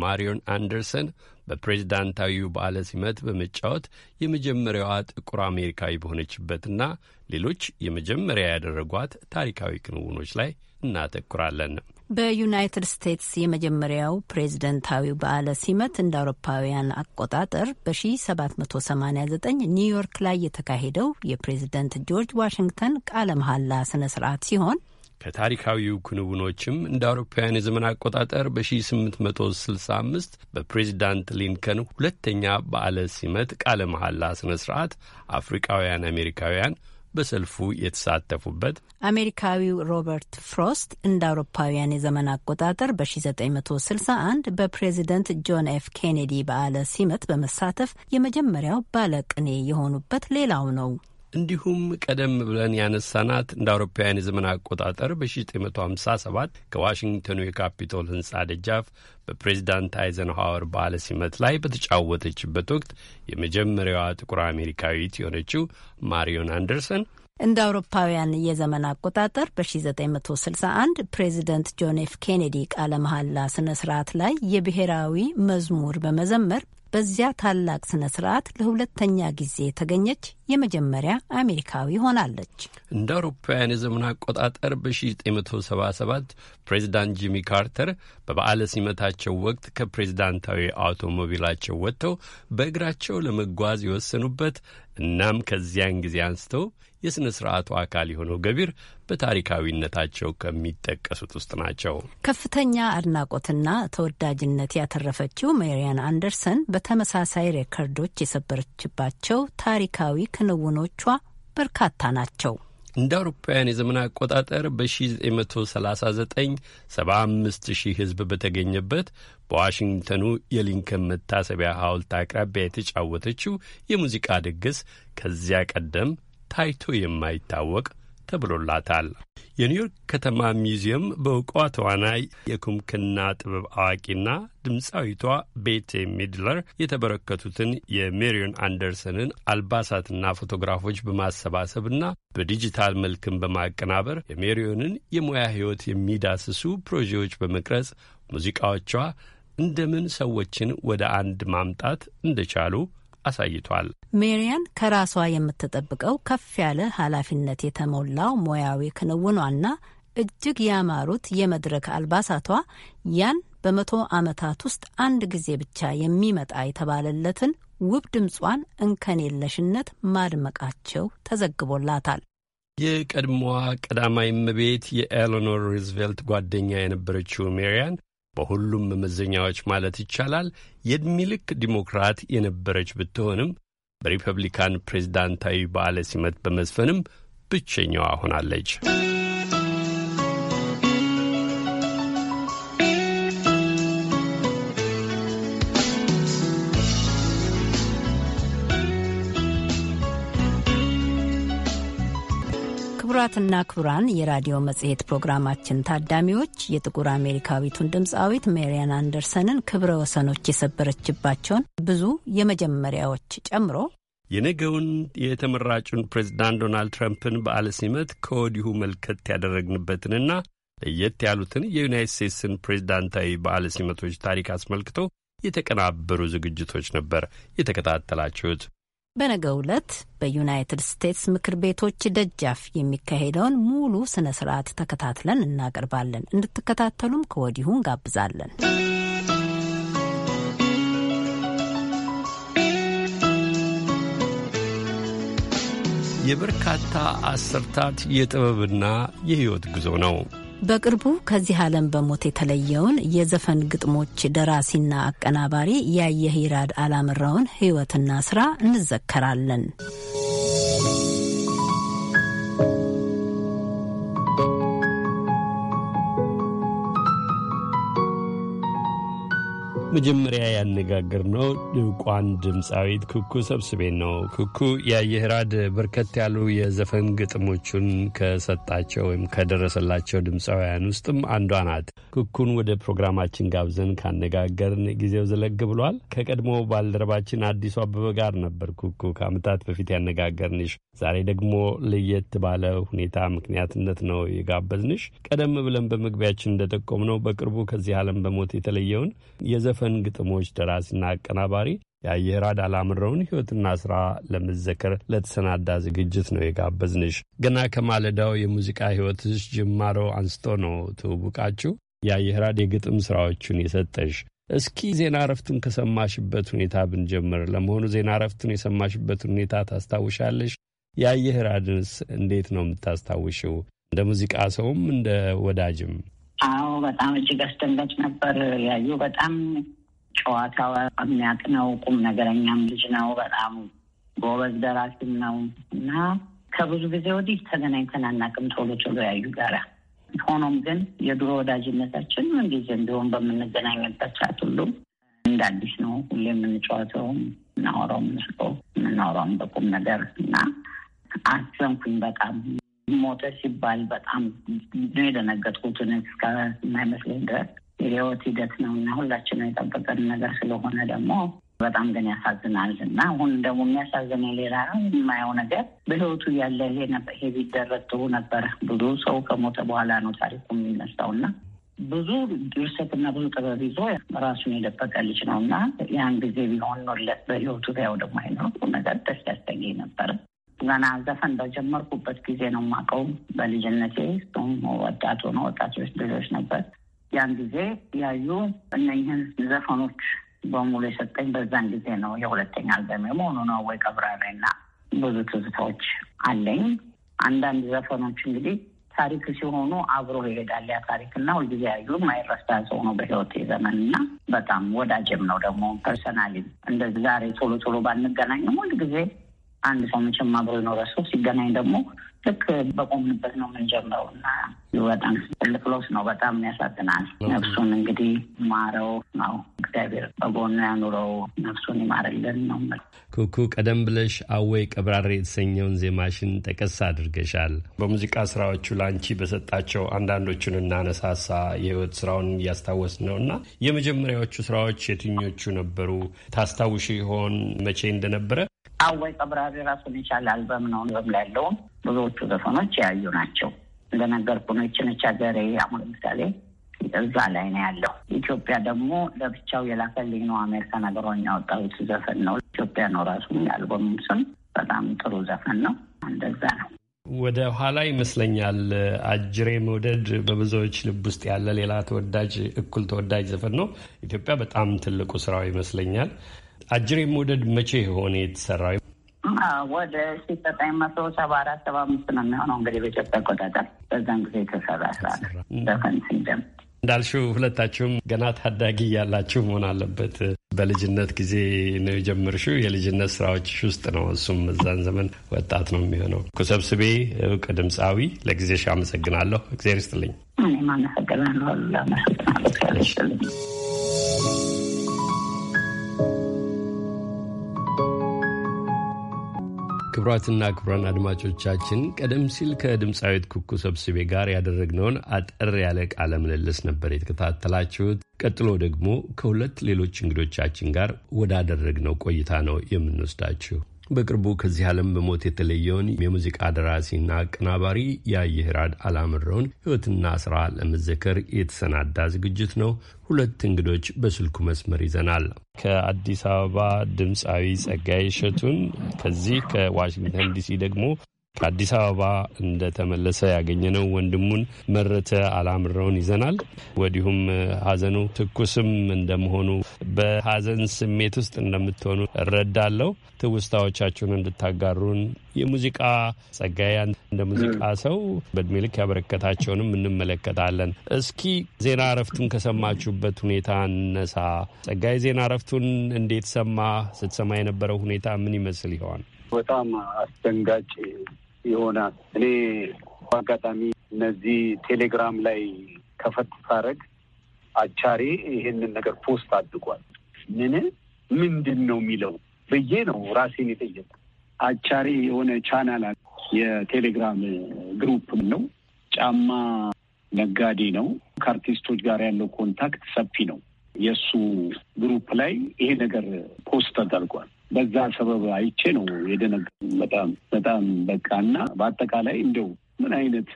ማሪዮን አንደርሰን በፕሬዝዳንታዊው በዓለ ሲመት በመጫወት የመጀመሪያዋ ጥቁር አሜሪካዊ በሆነችበትና ሌሎች የመጀመሪያ ያደረጓት ታሪካዊ ክንውኖች ላይ እናተኩራለን። በዩናይትድ ስቴትስ የመጀመሪያው ፕሬዝደንታዊ በዓለ ሲመት እንደ አውሮፓውያን አቆጣጠር በ1789 ኒውዮርክ ላይ የተካሄደው የፕሬዝደንት ጆርጅ ዋሽንግተን ቃለ መሐላ ስነ ስርዓት ሲሆን ከታሪካዊው ክንውኖችም እንደ አውሮፓውያን የዘመን አቆጣጠር በ1865 በፕሬዚዳንት ሊንከን ሁለተኛ በዓለ ሲመት ቃለ መሐላ ስነ ስርዓት አፍሪካውያን አሜሪካውያን በሰልፉ የተሳተፉበት አሜሪካዊው ሮበርት ፍሮስት እንደ አውሮፓውያን የዘመን አቆጣጠር በ1961 በፕሬዚደንት ጆን ኤፍ ኬኔዲ በዓለ ሲመት በመሳተፍ የመጀመሪያው ባለቅኔ የሆኑበት ሌላው ነው። እንዲሁም ቀደም ብለን ያነሳናት እንደ አውሮፓውያን የዘመን አቆጣጠር በ1957 ከዋሽንግተኑ የካፒቶል ህንፃ ደጃፍ በፕሬዚዳንት አይዘንሃወር በዓለ ሲመት ላይ በተጫወተችበት ወቅት የመጀመሪያዋ ጥቁር አሜሪካዊት የሆነችው ማሪዮን አንደርሰን እንደ አውሮፓውያን የዘመን አቆጣጠር በ1961 ፕሬዚደንት ጆን ኤፍ ኬኔዲ ቃለ መሐላ ስነ ስርዓት ላይ የብሔራዊ መዝሙር በመዘመር በዚያ ታላቅ ስነ ስርዓት ለሁለተኛ ጊዜ የተገኘች የመጀመሪያ አሜሪካዊ ሆናለች። እንደ አውሮፓውያን የዘመን አቆጣጠር በ1977 ፕሬዚዳንት ጂሚ ካርተር በበዓለ ሲመታቸው ወቅት ከፕሬዚዳንታዊ አውቶሞቢላቸው ወጥተው በእግራቸው ለመጓዝ የወሰኑበት እናም ከዚያን ጊዜ አንስተው የሥነ ሥርዓቱ አካል የሆነው ገቢር በታሪካዊነታቸው ከሚጠቀሱት ውስጥ ናቸው። ከፍተኛ አድናቆትና ተወዳጅነት ያተረፈችው ሜሪያን አንደርሰን በተመሳሳይ ሬከርዶች የሰበረችባቸው ታሪካዊ ክንውኖቿ በርካታ ናቸው። እንደ አውሮፓውያን የዘመን አቆጣጠር በ1939 75 ሺህ ሕዝብ በተገኘበት በዋሽንግተኑ የሊንከን መታሰቢያ ሐውልት አቅራቢያ የተጫወተችው የሙዚቃ ድግስ ከዚያ ቀደም ታይቶ የማይታወቅ ተብሎላታል። የኒውዮርክ ከተማ ሚውዚየም በእውቋ ተዋናይ የኩምክና ጥበብ አዋቂና ድምፃዊቷ ቤቴ ሚድለር የተበረከቱትን የሜሪዮን አንደርሰንን አልባሳትና ፎቶግራፎች በማሰባሰብና በዲጂታል መልክም በማቀናበር የሜሪዮንን የሙያ ሕይወት የሚዳስሱ ፕሮጀዎች በመቅረጽ ሙዚቃዎቿ እንደምን ሰዎችን ወደ አንድ ማምጣት እንደቻሉ አሳይቷል። ሜሪያን ከራሷ የምትጠብቀው ከፍ ያለ ኃላፊነት የተሞላው ሙያዊ ክንውኗና እጅግ ያማሩት የመድረክ አልባሳቷ ያን በመቶ ዓመታት ውስጥ አንድ ጊዜ ብቻ የሚመጣ የተባለለትን ውብ ድምጿን እንከን የለሽነት ማድመቃቸው ተዘግቦላታል። የቀድሞዋ ቀዳማዊት እመቤት የኤሎኖር ሩዝቬልት ጓደኛ የነበረችው ሜሪያን በሁሉም መመዘኛዎች ማለት ይቻላል የዕድሜ ልክ ዲሞክራት የነበረች ብትሆንም በሪፐብሊካን ፕሬዝዳንታዊ በዓለ ሲመት በመዝፈንም ብቸኛዋ ሆናለች። ክቡራትና ክቡራን የራዲዮ መጽሔት ፕሮግራማችን ታዳሚዎች የጥቁር አሜሪካዊቱን ድምፃዊት ሜሪያን አንደርሰንን ክብረ ወሰኖች የሰበረችባቸውን ብዙ የመጀመሪያዎች ጨምሮ የነገውን የተመራጩን ፕሬዝዳንት ዶናልድ ትራምፕን በዓለ ሲመት ከወዲሁ መልከት ያደረግንበትንና ለየት ያሉትን የዩናይት ስቴትስን ፕሬዚዳንታዊ በዓለ ሲመቶች ታሪክ አስመልክቶ የተቀናበሩ ዝግጅቶች ነበር የተከታተላችሁት። በነገ ዕለት በዩናይትድ ስቴትስ ምክር ቤቶች ደጃፍ የሚካሄደውን ሙሉ ስነ ስርዓት ተከታትለን እናቀርባለን። እንድትከታተሉም ከወዲሁ እንጋብዛለን። የበርካታ አሰርታት የጥበብና የሕይወት ጉዞ ነው። በቅርቡ ከዚህ ዓለም በሞት የተለየውን የዘፈን ግጥሞች ደራሲና አቀናባሪ ያየህ ይራድ አላምራውን ሕይወትና ስራ እንዘከራለን። መጀመሪያ ያነጋገርነው ድቋን ድምፃዊት ኩኩ ሰብስቤን ነው። ኩኩ የአየህራድ በርከት ያሉ የዘፈን ግጥሞቹን ከሰጣቸው ወይም ከደረሰላቸው ድምፃውያን ውስጥም አንዷ ናት። ኩኩን ወደ ፕሮግራማችን ጋብዘን ካነጋገርን ጊዜው ዘለግ ብሏል። ከቀድሞ ባልደረባችን አዲሱ አበበ ጋር ነበር ኩኩ ከአመታት በፊት ያነጋገርንሽ። ዛሬ ደግሞ ለየት ባለ ሁኔታ ምክንያትነት ነው የጋበዝንሽ። ቀደም ብለን በመግቢያችን እንደጠቆምነው በቅርቡ ከዚህ ዓለም በሞት የተለየውን የዘ የዘፈን ግጥሞች ደራሲና አቀናባሪ አዳላ አላምረውን ሕይወትና ሥራ ለመዘከር ለተሰናዳ ዝግጅት ነው የጋበዝንሽ። ገና ከማለዳው የሙዚቃ ሕይወትሽ ጅማሮ አንስቶ ነው ትውቡቃችሁ የአየራድ የግጥም ሥራዎቹን የሰጠሽ። እስኪ ዜና እረፍቱን ከሰማሽበት ሁኔታ ብንጀምር። ለመሆኑ ዜና እረፍቱን የሰማሽበት ሁኔታ ታስታውሻለሽ? የአየራድንስ እንዴት ነው የምታስታውሽው? እንደ ሙዚቃ ሰውም እንደ ወዳጅም አዎ በጣም እጅግ አስደንጋጭ ነበር። ያዩ በጣም ጨዋታ የሚያውቅ ነው። ቁም ነገረኛም ልጅ ነው። በጣም ጎበዝ ደራሲም ነው እና ከብዙ ጊዜ ወዲህ ተገናኝተን አናውቅም ቶሎ ቶሎ ያዩ ጋራ። ሆኖም ግን የድሮ ወዳጅነታችን ምንጊዜ እንዲሁም በምንገናኝበት ሰዓት ሁሉ እንደ አዲስ ነው። ሁሌ የምንጫወተውም የምናወራውም፣ ምስጦ የምናወራውም በቁም ነገር እና አዘንኩኝ በጣም ሞተ ሲባል በጣም ነው የደነገጥኩት። እስከማይመስለኝ ድረስ የህይወት ሂደት ነው እና ሁላችንም የጠበቀን ነገር ስለሆነ ደግሞ በጣም ግን ያሳዝናል እና አሁን ደግሞ የሚያሳዝነ ሌላ የማየው ነገር በህይወቱ ያለ ይሄ ቢደረግ ጥሩ ነበረ። ብዙ ሰው ከሞተ በኋላ ነው ታሪኩ የሚነሳው እና ብዙ እና ብዙ ጥበብ ይዞ ራሱን የደበቀ ልጅ ነው እና ያን ጊዜ ቢሆን ኖለት በህይወቱ ያው ደግሞ አይኖሩ ነገር ደስ ያሰኘኝ ነበር። ገና ዘፈን በጀመርኩበት ጊዜ ነው የማውቀው። በልጅነቴ እሱም ወጣቱ ነው ወጣቶች ልጆች ነበር። ያን ጊዜ ያዩ እነኝህን ዘፈኖች በሙሉ የሰጠኝ በዛን ጊዜ ነው። የሁለተኛ አልበሜ መሆኑ ነው ወይ ቀብራሬ እና ብዙ ትዝታዎች አለኝ። አንዳንድ ዘፈኖች እንግዲህ ታሪክ ሲሆኑ አብሮ ይሄዳል ያ ታሪክ እና ሁልጊዜ ያዩ አይረሳ ሰው ነው በህይወት ዘመን እና በጣም ወዳጅም ነው ደግሞ ፐርሰናሊ እንደዚህ ዛሬ ቶሎ ቶሎ ባንገናኝም ሁልጊዜ አንድ ሰው መቼም አብሮ የኖረ ሰው ሲገናኝ ደግሞ ልክ በቆምንበት ነው የምንጀምረው እና በጣም ጥልቅሎስ ነው። በጣም ያሳዝናል። ነፍሱን እንግዲህ ማረው ነው እግዚአብሔር በጎኑ ያኑረው፣ ነፍሱን ይማርልን ነው። ኩኩ ቀደም ብለሽ አወይ ቀብራሬ የተሰኘውን ዜማሽን ጠቀስ አድርገሻል። በሙዚቃ ስራዎቹ ለአንቺ በሰጣቸው አንዳንዶቹን እናነሳሳ የህይወት ስራውን እያስታወስ ነው እና የመጀመሪያዎቹ ስራዎች የትኞቹ ነበሩ? ታስታውሽ ይሆን መቼ እንደነበረ? አወይ ቀብራሬ ራሱን የቻለ አልበም ነው። አልበም ላይ ያለውም ብዙዎቹ ዘፈኖች ያዩ ናቸው። እንደነገርኩ ነው። ይችነች ሀገሬ አሁን ለምሳሌ እዛ ላይ ነው ያለው። ኢትዮጵያ ደግሞ ለብቻው የላከልኝ ነው። አሜሪካ ሀገር ያወጣሁት ዘፈን ነው። ኢትዮጵያ ነው ራሱ የአልበሙ ስም። በጣም ጥሩ ዘፈን ነው። እንደዛ ነው። ወደ ኋላ ይመስለኛል አጅሬ መውደድ በብዙዎች ልብ ውስጥ ያለ ሌላ ተወዳጅ እኩል ተወዳጅ ዘፈን ነው። ኢትዮጵያ በጣም ትልቁ ስራው ይመስለኛል። አጅሬ መውደድ መቼ የሆነ የተሰራው ወደ ሺ ዘጠኝ መቶ ሰባ አራት ሰባ አምስት ነው የሚሆነው እንግዲህ በኢትዮጵያ አቆጣጠር በዛን ጊዜ የተሰራ ስራ ዘፈን እንዳልሽው ሁለታችሁም ገና ታዳጊ ያላችሁ መሆን አለበት። በልጅነት ጊዜ ነው የጀመርሽው። የልጅነት ስራዎች ውስጥ ነው እሱም እዛን ዘመን ወጣት ነው የሚሆነው። ኩሰብስቤ እውቅ ድምፃዊ፣ ለጊዜሽ አመሰግናለሁ። እግዜር ይስጥልኝ። እኔም አመሰግናለሁ። አመሰግናለሁ። ክቡራትና ክቡራን አድማጮቻችን ቀደም ሲል ከድምፃዊት ኩኩ ሰብስቤ ጋር ያደረግነውን አጠር ያለ ቃለ ምልልስ ነበር የተከታተላችሁት። ቀጥሎ ደግሞ ከሁለት ሌሎች እንግዶቻችን ጋር ወዳደረግነው ቆይታ ነው የምንወስዳችሁ። በቅርቡ ከዚህ ዓለም በሞት የተለየውን የሙዚቃ ደራሲና አቀናባሪ የአየህራድ አላምረውን ሕይወትና ስራ ለመዘከር የተሰናዳ ዝግጅት ነው። ሁለት እንግዶች በስልኩ መስመር ይዘናል። ከአዲስ አበባ ድምፃዊ ጸጋዬ እሸቱን፣ ከዚህ ከዋሽንግተን ዲሲ ደግሞ አዲስ አበባ እንደተመለሰ ያገኘነው ወንድሙን መረተ አላምረውን ይዘናል። ወዲሁም ሀዘኑ ትኩስም እንደመሆኑ በሀዘን ስሜት ውስጥ እንደምትሆኑ እረዳለሁ። ትውስታዎቻችሁን እንድታጋሩን የሙዚቃ ጸጋያን እንደ ሙዚቃ ሰው በእድሜ ልክ ያበረከታቸውንም እንመለከታለን። እስኪ ዜና እረፍቱን ከሰማችሁበት ሁኔታ እነሳ። ጸጋይ ዜና እረፍቱን እንዴት ሰማ? ስትሰማ የነበረው ሁኔታ ምን ይመስል ይሆን? በጣም አስደንጋጭ ይሆናል። እኔ በአጋጣሚ እነዚህ ቴሌግራም ላይ ከፈት ሳረግ አቻሬ ይሄንን ነገር ፖስት አድርጓል። ምን ምንድን ነው የሚለው ብዬ ነው ራሴን የጠየቁ። አቻሬ የሆነ ቻናል የቴሌግራም ግሩፕ ነው። ጫማ ነጋዴ ነው። ከአርቲስቶች ጋር ያለው ኮንታክት ሰፊ ነው። የእሱ ግሩፕ ላይ ይሄ ነገር ፖስት ተደርጓል። በዛ ሰበብ አይቼ ነው የደነገጥኩት። በጣም በጣም በቃ እና በአጠቃላይ እንደው ምን አይነት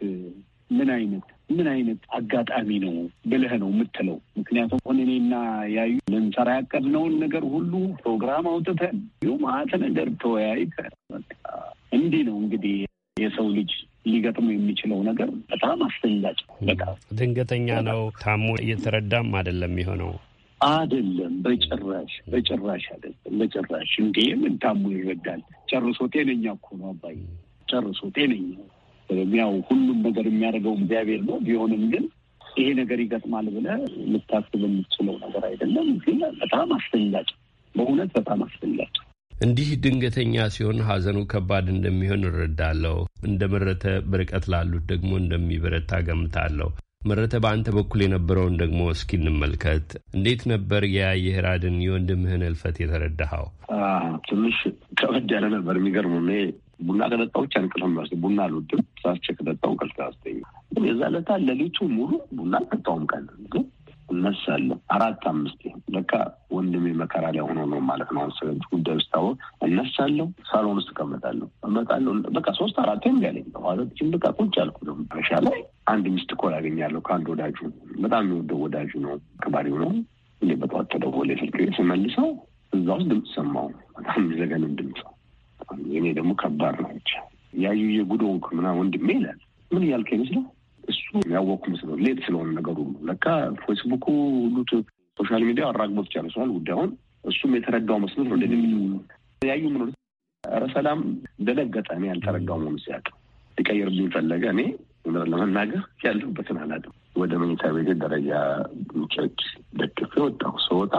ምን አይነት ምን አይነት አጋጣሚ ነው ብለህ ነው የምትለው። ምክንያቱም እኔና ያዩ ልንሰራ ያቀድነውን ነገር ሁሉ ፕሮግራም አውጥተን ዩ ማአት ነገር ተወያይተን እንዲህ ነው እንግዲህ የሰው ልጅ ሊገጥሙ የሚችለው ነገር በጣም አስደንጋጭ፣ በጣም ድንገተኛ ነው። ታሞ እየተረዳም አይደለም የሆነው አይደለም። በጭራሽ በጭራሽ አደለም፣ በጭራሽ እንዴ ምን ታሞ ይረዳል? ጨርሶ ጤነኛ እኮ ነው አባይ፣ ጨርሶ ጤነኛ። ያው ሁሉም ነገር የሚያደርገው እግዚአብሔር ነው። ቢሆንም ግን ይሄ ነገር ይገጥማል ብለህ ልታስብ የምትችለው ነገር አይደለም። ግን በጣም አስፈላጊ፣ በእውነት በጣም አስፈላጊ እንዲህ ድንገተኛ ሲሆን ሐዘኑ ከባድ እንደሚሆን እረዳለሁ። እንደ መረተ በርቀት ላሉት ደግሞ እንደሚበረታ ገምታለሁ። መረተ፣ በአንተ በኩል የነበረውን ደግሞ እስኪ እንመልከት። እንዴት ነበር የአየህር አድን የወንድምህን እልፈት የተረዳኸው? ትንሽ ከበድ ያለ ነበር። የሚገርሙ እኔ ቡና ከጠጣሁ ብቻ እንቅልፍ የሚወስድ ቡና አልወድም። ሳስቸ ከጠጣሁ እንቅልፍ ያወስደኛል። ግን የዛ ዕለት ሌሊቱ ሙሉ ቡና አልጠጣሁም። ቀን ግን እነሳለሁ አራት አምስት በቃ ወንድሜ መከራ ላይ ሆኖ ነው ማለት ነው። አሁን ጉዳዩ ስታወቅ እነሳለሁ፣ ሳሎን ውስጥ እቀመጣለሁ፣ እመጣለሁ። በቃ ሶስት አራት ም ያለኝ ኋላችን በቃ ቁጭ አልኩ። መረሻ ላይ አንድ ሚስት ኮል ያገኛለሁ ከአንድ ወዳጁ፣ በጣም የወደው ወዳጁ ነው፣ ክባሪው ነው። እንደ በጠዋት ተደወለ ስልክ። ስመልሰው እዛ ውስጥ ድምፅ ሰማው፣ በጣም የሚዘገንም ድምፅ። እኔ ደግሞ ከባድ ነው ብቻ ያዩ የጉዶ ምና ወንድሜ ይላል ምን እያልከ ይመስለው እሱ ያወቅኩ መስሎ ሌት ስለሆነ ነገሩ ለካ ፌስቡኩ ሁሉት ሶሻል ሚዲያ አራግቦት ጨርሷል ጉዳዩን። እሱም የተረጋው የተረዳው ነው ወደ ያዩ ምኖ ረ ሰላም ደነገጠ። እኔ ያልተረጋው መሆኑ ሲያውቅ ሊቀይርብኝ ፈለገ። እኔ ምር ለመናገር ያለሁበትን አላውቅም። ወደ መኝታ ቤት ደረጃ ቸች ደግፌ ወጣሁ። ስወጣ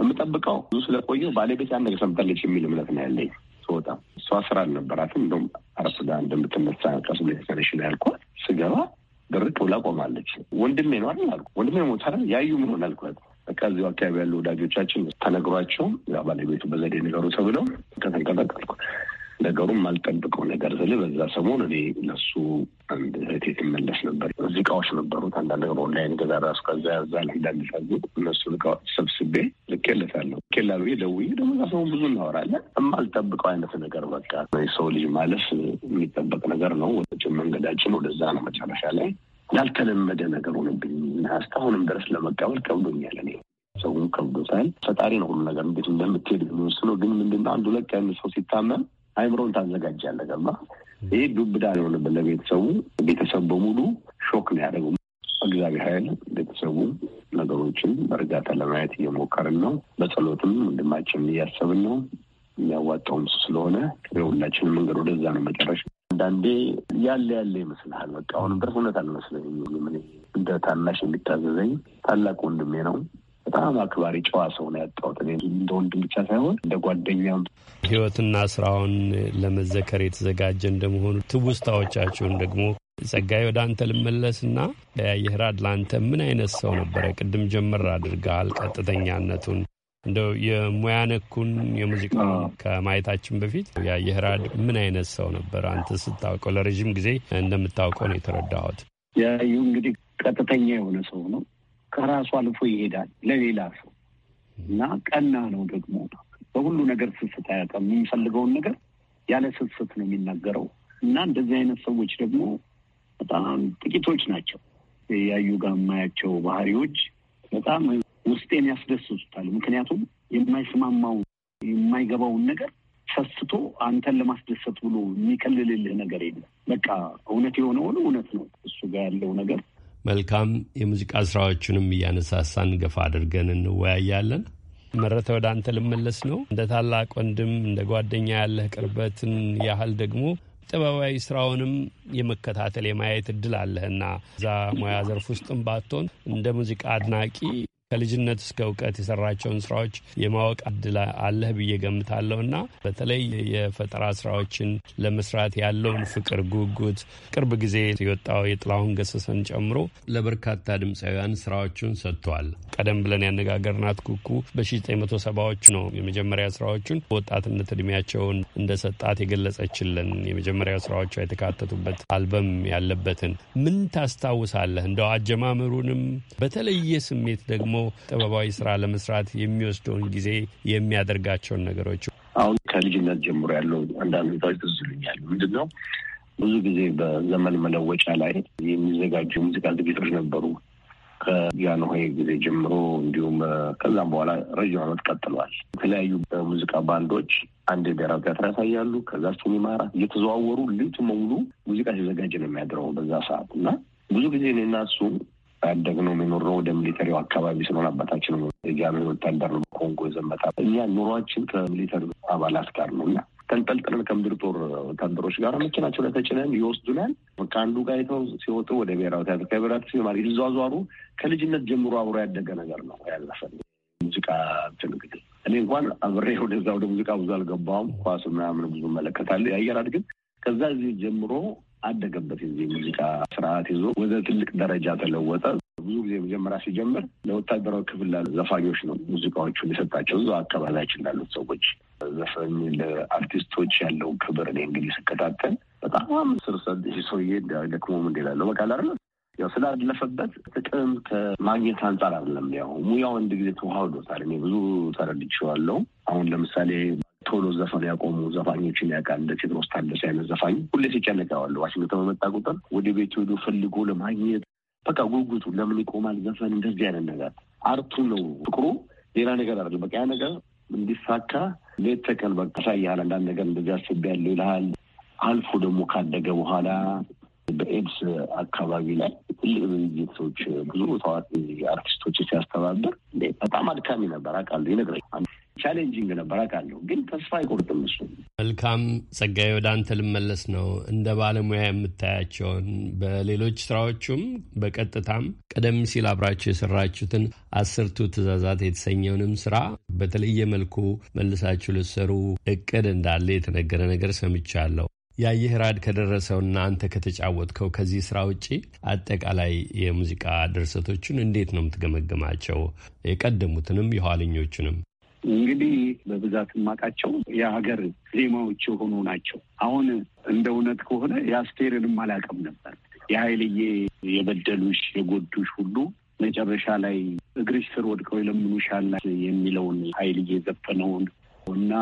የምጠብቀው ብዙ ስለቆየ ባለቤት ያን ነገር ሰምታለች የሚል እምነት ነው ያለኝ። ስወጣ እሷ ስራ አልነበራትም። እንደውም አረፍዳ እንደምትነሳ ቀስ ብለሽ ተነሽ ነው ያልኳት። ስገባ ድርቅ ብላ ቆማለች። ወንድሜ ነው አይደል አልኩ። ወንድሜ ሞታ ያዩ ምን ሆነ አልኳት። በቃ እዚሁ አካባቢ ያሉ ወዳጆቻችን ተነግሯቸው ባለቤቱ በዘዴ ንገሩ ተብለው ተንቀጠቀጥኩ። ነገሩም አልጠብቀው ነገር ስል በዛ ሰሞን እኔ እነሱ አንድ እህቴ ትመለስ ነበር። እዚህ እቃዎች ነበሩት አንዳንድ ነገር ኦንላይን ገዛ ራሱ ከዛ ያዛል አንዳንድ ሳዙ እነሱ እቃዎች ሰብስቤ ልኬለታለሁ። ኬላ ብዬ ደውዬ ደግሞ እዛ ሰሞን ብዙ እናወራለን። የማልጠብቀው አይነት ነገር በቃ የሰው ልጅ ማለፍ የሚጠበቅ ነገር ነው። መንገዳችን ወደዛ ነው መጨረሻ ላይ ያልተለመደ ነገር ሆነብኝ እና እስካሁንም ድረስ ለመቀበል ከብዶኛል። እኔ ሰውም ከብዶታል። ፈጣሪ ነው ሁሉ ነገር እንዴት እንደምትሄድ ስለ ግን ምንድነው አንድ ሁለት ያን ሰው ሲታመም አይምሮን ታዘጋጃለህ። ገባህ? ይህ ዱብዳ ሆነብህ። ለቤተሰቡ ቤተሰብ በሙሉ ሾክ ነው ያደረገው። እግዚአብሔር ኃይል ቤተሰቡ ነገሮችን በእርጋታ ለማየት እየሞከርን ነው። በጸሎትም ወንድማችን እያሰብን ነው። የሚያዋጣውም ስለሆነ የሁላችን መንገድ ወደዛ ነው መጨረሻ አንዳንዴ ያለ ያለ ይመስልሃል። በቃ አሁንም ድረስ እውነት አልመስለኝም። እንደ ታናሽ የሚታዘዘኝ ታላቅ ወንድሜ ነው። በጣም አክባሪ ጨዋ ሰው ነው ያጣሁት። እንደ ወንድም ብቻ ሳይሆን እንደ ጓደኛም ህይወትና ስራውን ለመዘከር የተዘጋጀ እንደመሆኑ ትውስታዎቻችሁን ደግሞ ጸጋይ ወደ አንተ ልመለስና ያየህራድ ለአንተ ምን አይነት ሰው ነበረ? ቅድም ጀምር አድርገሃል ቀጥተኛነቱን እንደው የሙያ ነኩን የሙዚቃ ከማየታችን በፊት ያየህራድ ምን አይነት ሰው ነበር? አንተ ስታውቀው ለረዥም ጊዜ እንደምታውቀው ነው የተረዳሁት። ያዩ እንግዲህ ቀጥተኛ የሆነ ሰው ነው። ከራሱ አልፎ ይሄዳል ለሌላ ሰው እና ቀና ነው ደግሞ በሁሉ ነገር ስስት አያውቅም። የሚፈልገውን ነገር ያለ ስስት ነው የሚናገረው እና እንደዚህ አይነት ሰዎች ደግሞ በጣም ጥቂቶች ናቸው። ያዩ ጋር የማያቸው ባህሪዎች በጣም ውስጤን ያስደስቱታል። ምክንያቱም የማይስማማው የማይገባውን ነገር ሰስቶ አንተን ለማስደሰት ብሎ የሚከልልልህ ነገር የለም። በቃ እውነት የሆነ ሆኖ እውነት ነው። እሱ ጋር ያለው ነገር መልካም የሙዚቃ ስራዎቹንም እያነሳሳን ገፋ አድርገን እንወያያለን። መረተ ወደ አንተ ልመለስ ነው። እንደ ታላቅ ወንድም እንደ ጓደኛ ያለህ ቅርበትን ያህል ደግሞ ጥበባዊ ስራውንም የመከታተል የማየት እድል አለህና እዛ ሙያ ዘርፍ ውስጥም ባትሆን እንደ ሙዚቃ አድናቂ ከልጅነት እስከ እውቀት የሰራቸውን ስራዎች የማወቅ እድል አለህ ብዬ ገምታለሁ እና በተለይ የፈጠራ ስራዎችን ለመስራት ያለውን ፍቅር፣ ጉጉት ቅርብ ጊዜ የወጣው የጥላሁን ገሰሰን ጨምሮ ለበርካታ ድምፃውያን ስራዎቹን ሰጥቷል። ቀደም ብለን ያነጋገርናት ኩኩ በ1970ዎቹ ነው የመጀመሪያ ስራዎቹን ወጣትነት እድሜያቸውን እንደሰጣት የገለጸችልን የመጀመሪያ ስራዎቿ የተካተቱበት አልበም ያለበትን ምን ታስታውሳለህ? እንደው አጀማመሩንም በተለየ ስሜት ደግሞ ጥበባዊ ስራ ለመስራት የሚወስደውን ጊዜ የሚያደርጋቸውን ነገሮች አሁን ከልጅነት ጀምሮ ያለው አንዳንድ ሁኔታዎች ትዝ ይሉኛል። ምንድን ነው ብዙ ጊዜ በዘመን መለወጫ ላይ የሚዘጋጁ ሙዚቃ ዝግጅቶች ነበሩ ከጃንሆይ ጊዜ ጀምሮ እንዲሁም ከዛም በኋላ ረዥም ዓመት ቀጥሏል። የተለያዩ ሙዚቃ ባንዶች አንድ ብሔራዊ ቲያትር ያሳያሉ። ከዛ ሱን ይማራ እየተዘዋወሩ ሌቱ በሙሉ ሙዚቃ ሲዘጋጅ ነው የሚያድረው በዛ ሰዓት እና ብዙ ጊዜ እኔና እሱ ያደግነው የኖርነው ወደ ሚሊተሪው አካባቢ ስለሆነ አባታችን የጃሚ ወታደር ነው። ኮንጎ ዘመታ። እኛ ኑሯችን ከሚሊተሪ አባላት ጋር ነው እና ተንጠልጥለን ከምድር ጦር ወታደሮች ጋር መኪናቸው ለተጭነን ይወስዱናል። ከአንዱ ጋር የተው ሲወጡ ወደ ብሔራዊ ቲያትር ከብሔራዊ ቲያትር ይዟዟሩ። ከልጅነት ጀምሮ አብሮ ያደገ ነገር ነው። ያለፈ ሙዚቃ እንትን እንግዲህ እኔ እንኳን አብሬ ወደዛ ወደ ሙዚቃ ብዙ አልገባውም። ኳስ ምናምን ብዙ መለከታል ያየራል። ግን ከዛ ጊዜ ጀምሮ አደገበት የዚህ ሙዚቃ ስርዓት ይዞ ወደ ትልቅ ደረጃ ተለወጠ። ብዙ ጊዜ መጀመሪያ ሲጀምር ለወታደራዊ ክፍል ላሉ ዘፋኞች ነው ሙዚቃዎቹን የሰጣቸው። እዛው አካባቢያችን ላሉት ሰዎች ዘፈኝ ለአርቲስቶች ያለው ክብር እኔ እንግዲህ ስከታተል በጣም ስር ሰድ ሰውዬ ደክሞም እንዲላለው በቃ ላለ ያው ስላለፈበት ጥቅም ከማግኘት አንጻር አይደለም። ያው ሙያው አንድ ጊዜ ተዋህዶታል። እኔ ብዙ ተረድቼዋለሁ። አሁን ለምሳሌ ቶሎ ዘፈን ያቆሙ ዘፋኞችን ያውቃል። እንደ ቴድሮስ ታደሰ አይነት ዘፋኝ ሁሌ ሲጨነቅ ዋሽንግተን በመጣ ቁጥር ወደ ቤት ሄዶ ፈልጎ ለማግኘት በቃ ጉጉቱ ለምን ይቆማል ዘፈን? እንደዚህ አይነት ነገር አርቱ ነው ፍቅሩ፣ ሌላ ነገር አለ በቃ ያ ነገር እንዲሳካ ሌት ተቀን በቃ ያሳይሃል። አንዳንድ ነገር እንደዚህ አስቤያለሁ ይልሃል። አልፎ ደግሞ ካደገ በኋላ በኤድስ አካባቢ ላይ ትልቅ ዝግጅቶች ብዙ ታዋቂ አርቲስቶች ሲያስተባብር በጣም አድካሚ ነበር አውቃለሁ፣ ይነግረኛል። ቻሌንጂንግ ነበር አውቃለሁ፣ ግን ተስፋ አይቆርጥም እሱ። መልካም ጸጋዬ፣ ወደ አንተ ልመለስ ነው። እንደ ባለሙያ የምታያቸውን በሌሎች ስራዎቹም በቀጥታም ቀደም ሲል አብራችሁ የሰራችሁትን አስርቱ ትእዛዛት የተሰኘውንም ስራ በተለየ መልኩ መልሳችሁ ልትሰሩ እቅድ እንዳለ የተነገረ ነገር ሰምቻለሁ። የአየህ ራድ ከደረሰውና አንተ ከተጫወትከው ከዚህ ስራ ውጪ አጠቃላይ የሙዚቃ ድርሰቶችን እንዴት ነው የምትገመግማቸው? የቀደሙትንም የኋለኞቹንም እንግዲህ በብዛት የማውቃቸው የሀገር ዜማዎች የሆኑ ናቸው። አሁን እንደ እውነት ከሆነ የአስቴርንም አላውቅም ነበር። የሀይልዬ የበደሉሽ የጎዱሽ ሁሉ መጨረሻ ላይ እግርሽ ስር ወድቀው ይለምኑሻል የሚለውን ሀይልዬ ዘፈነውን እና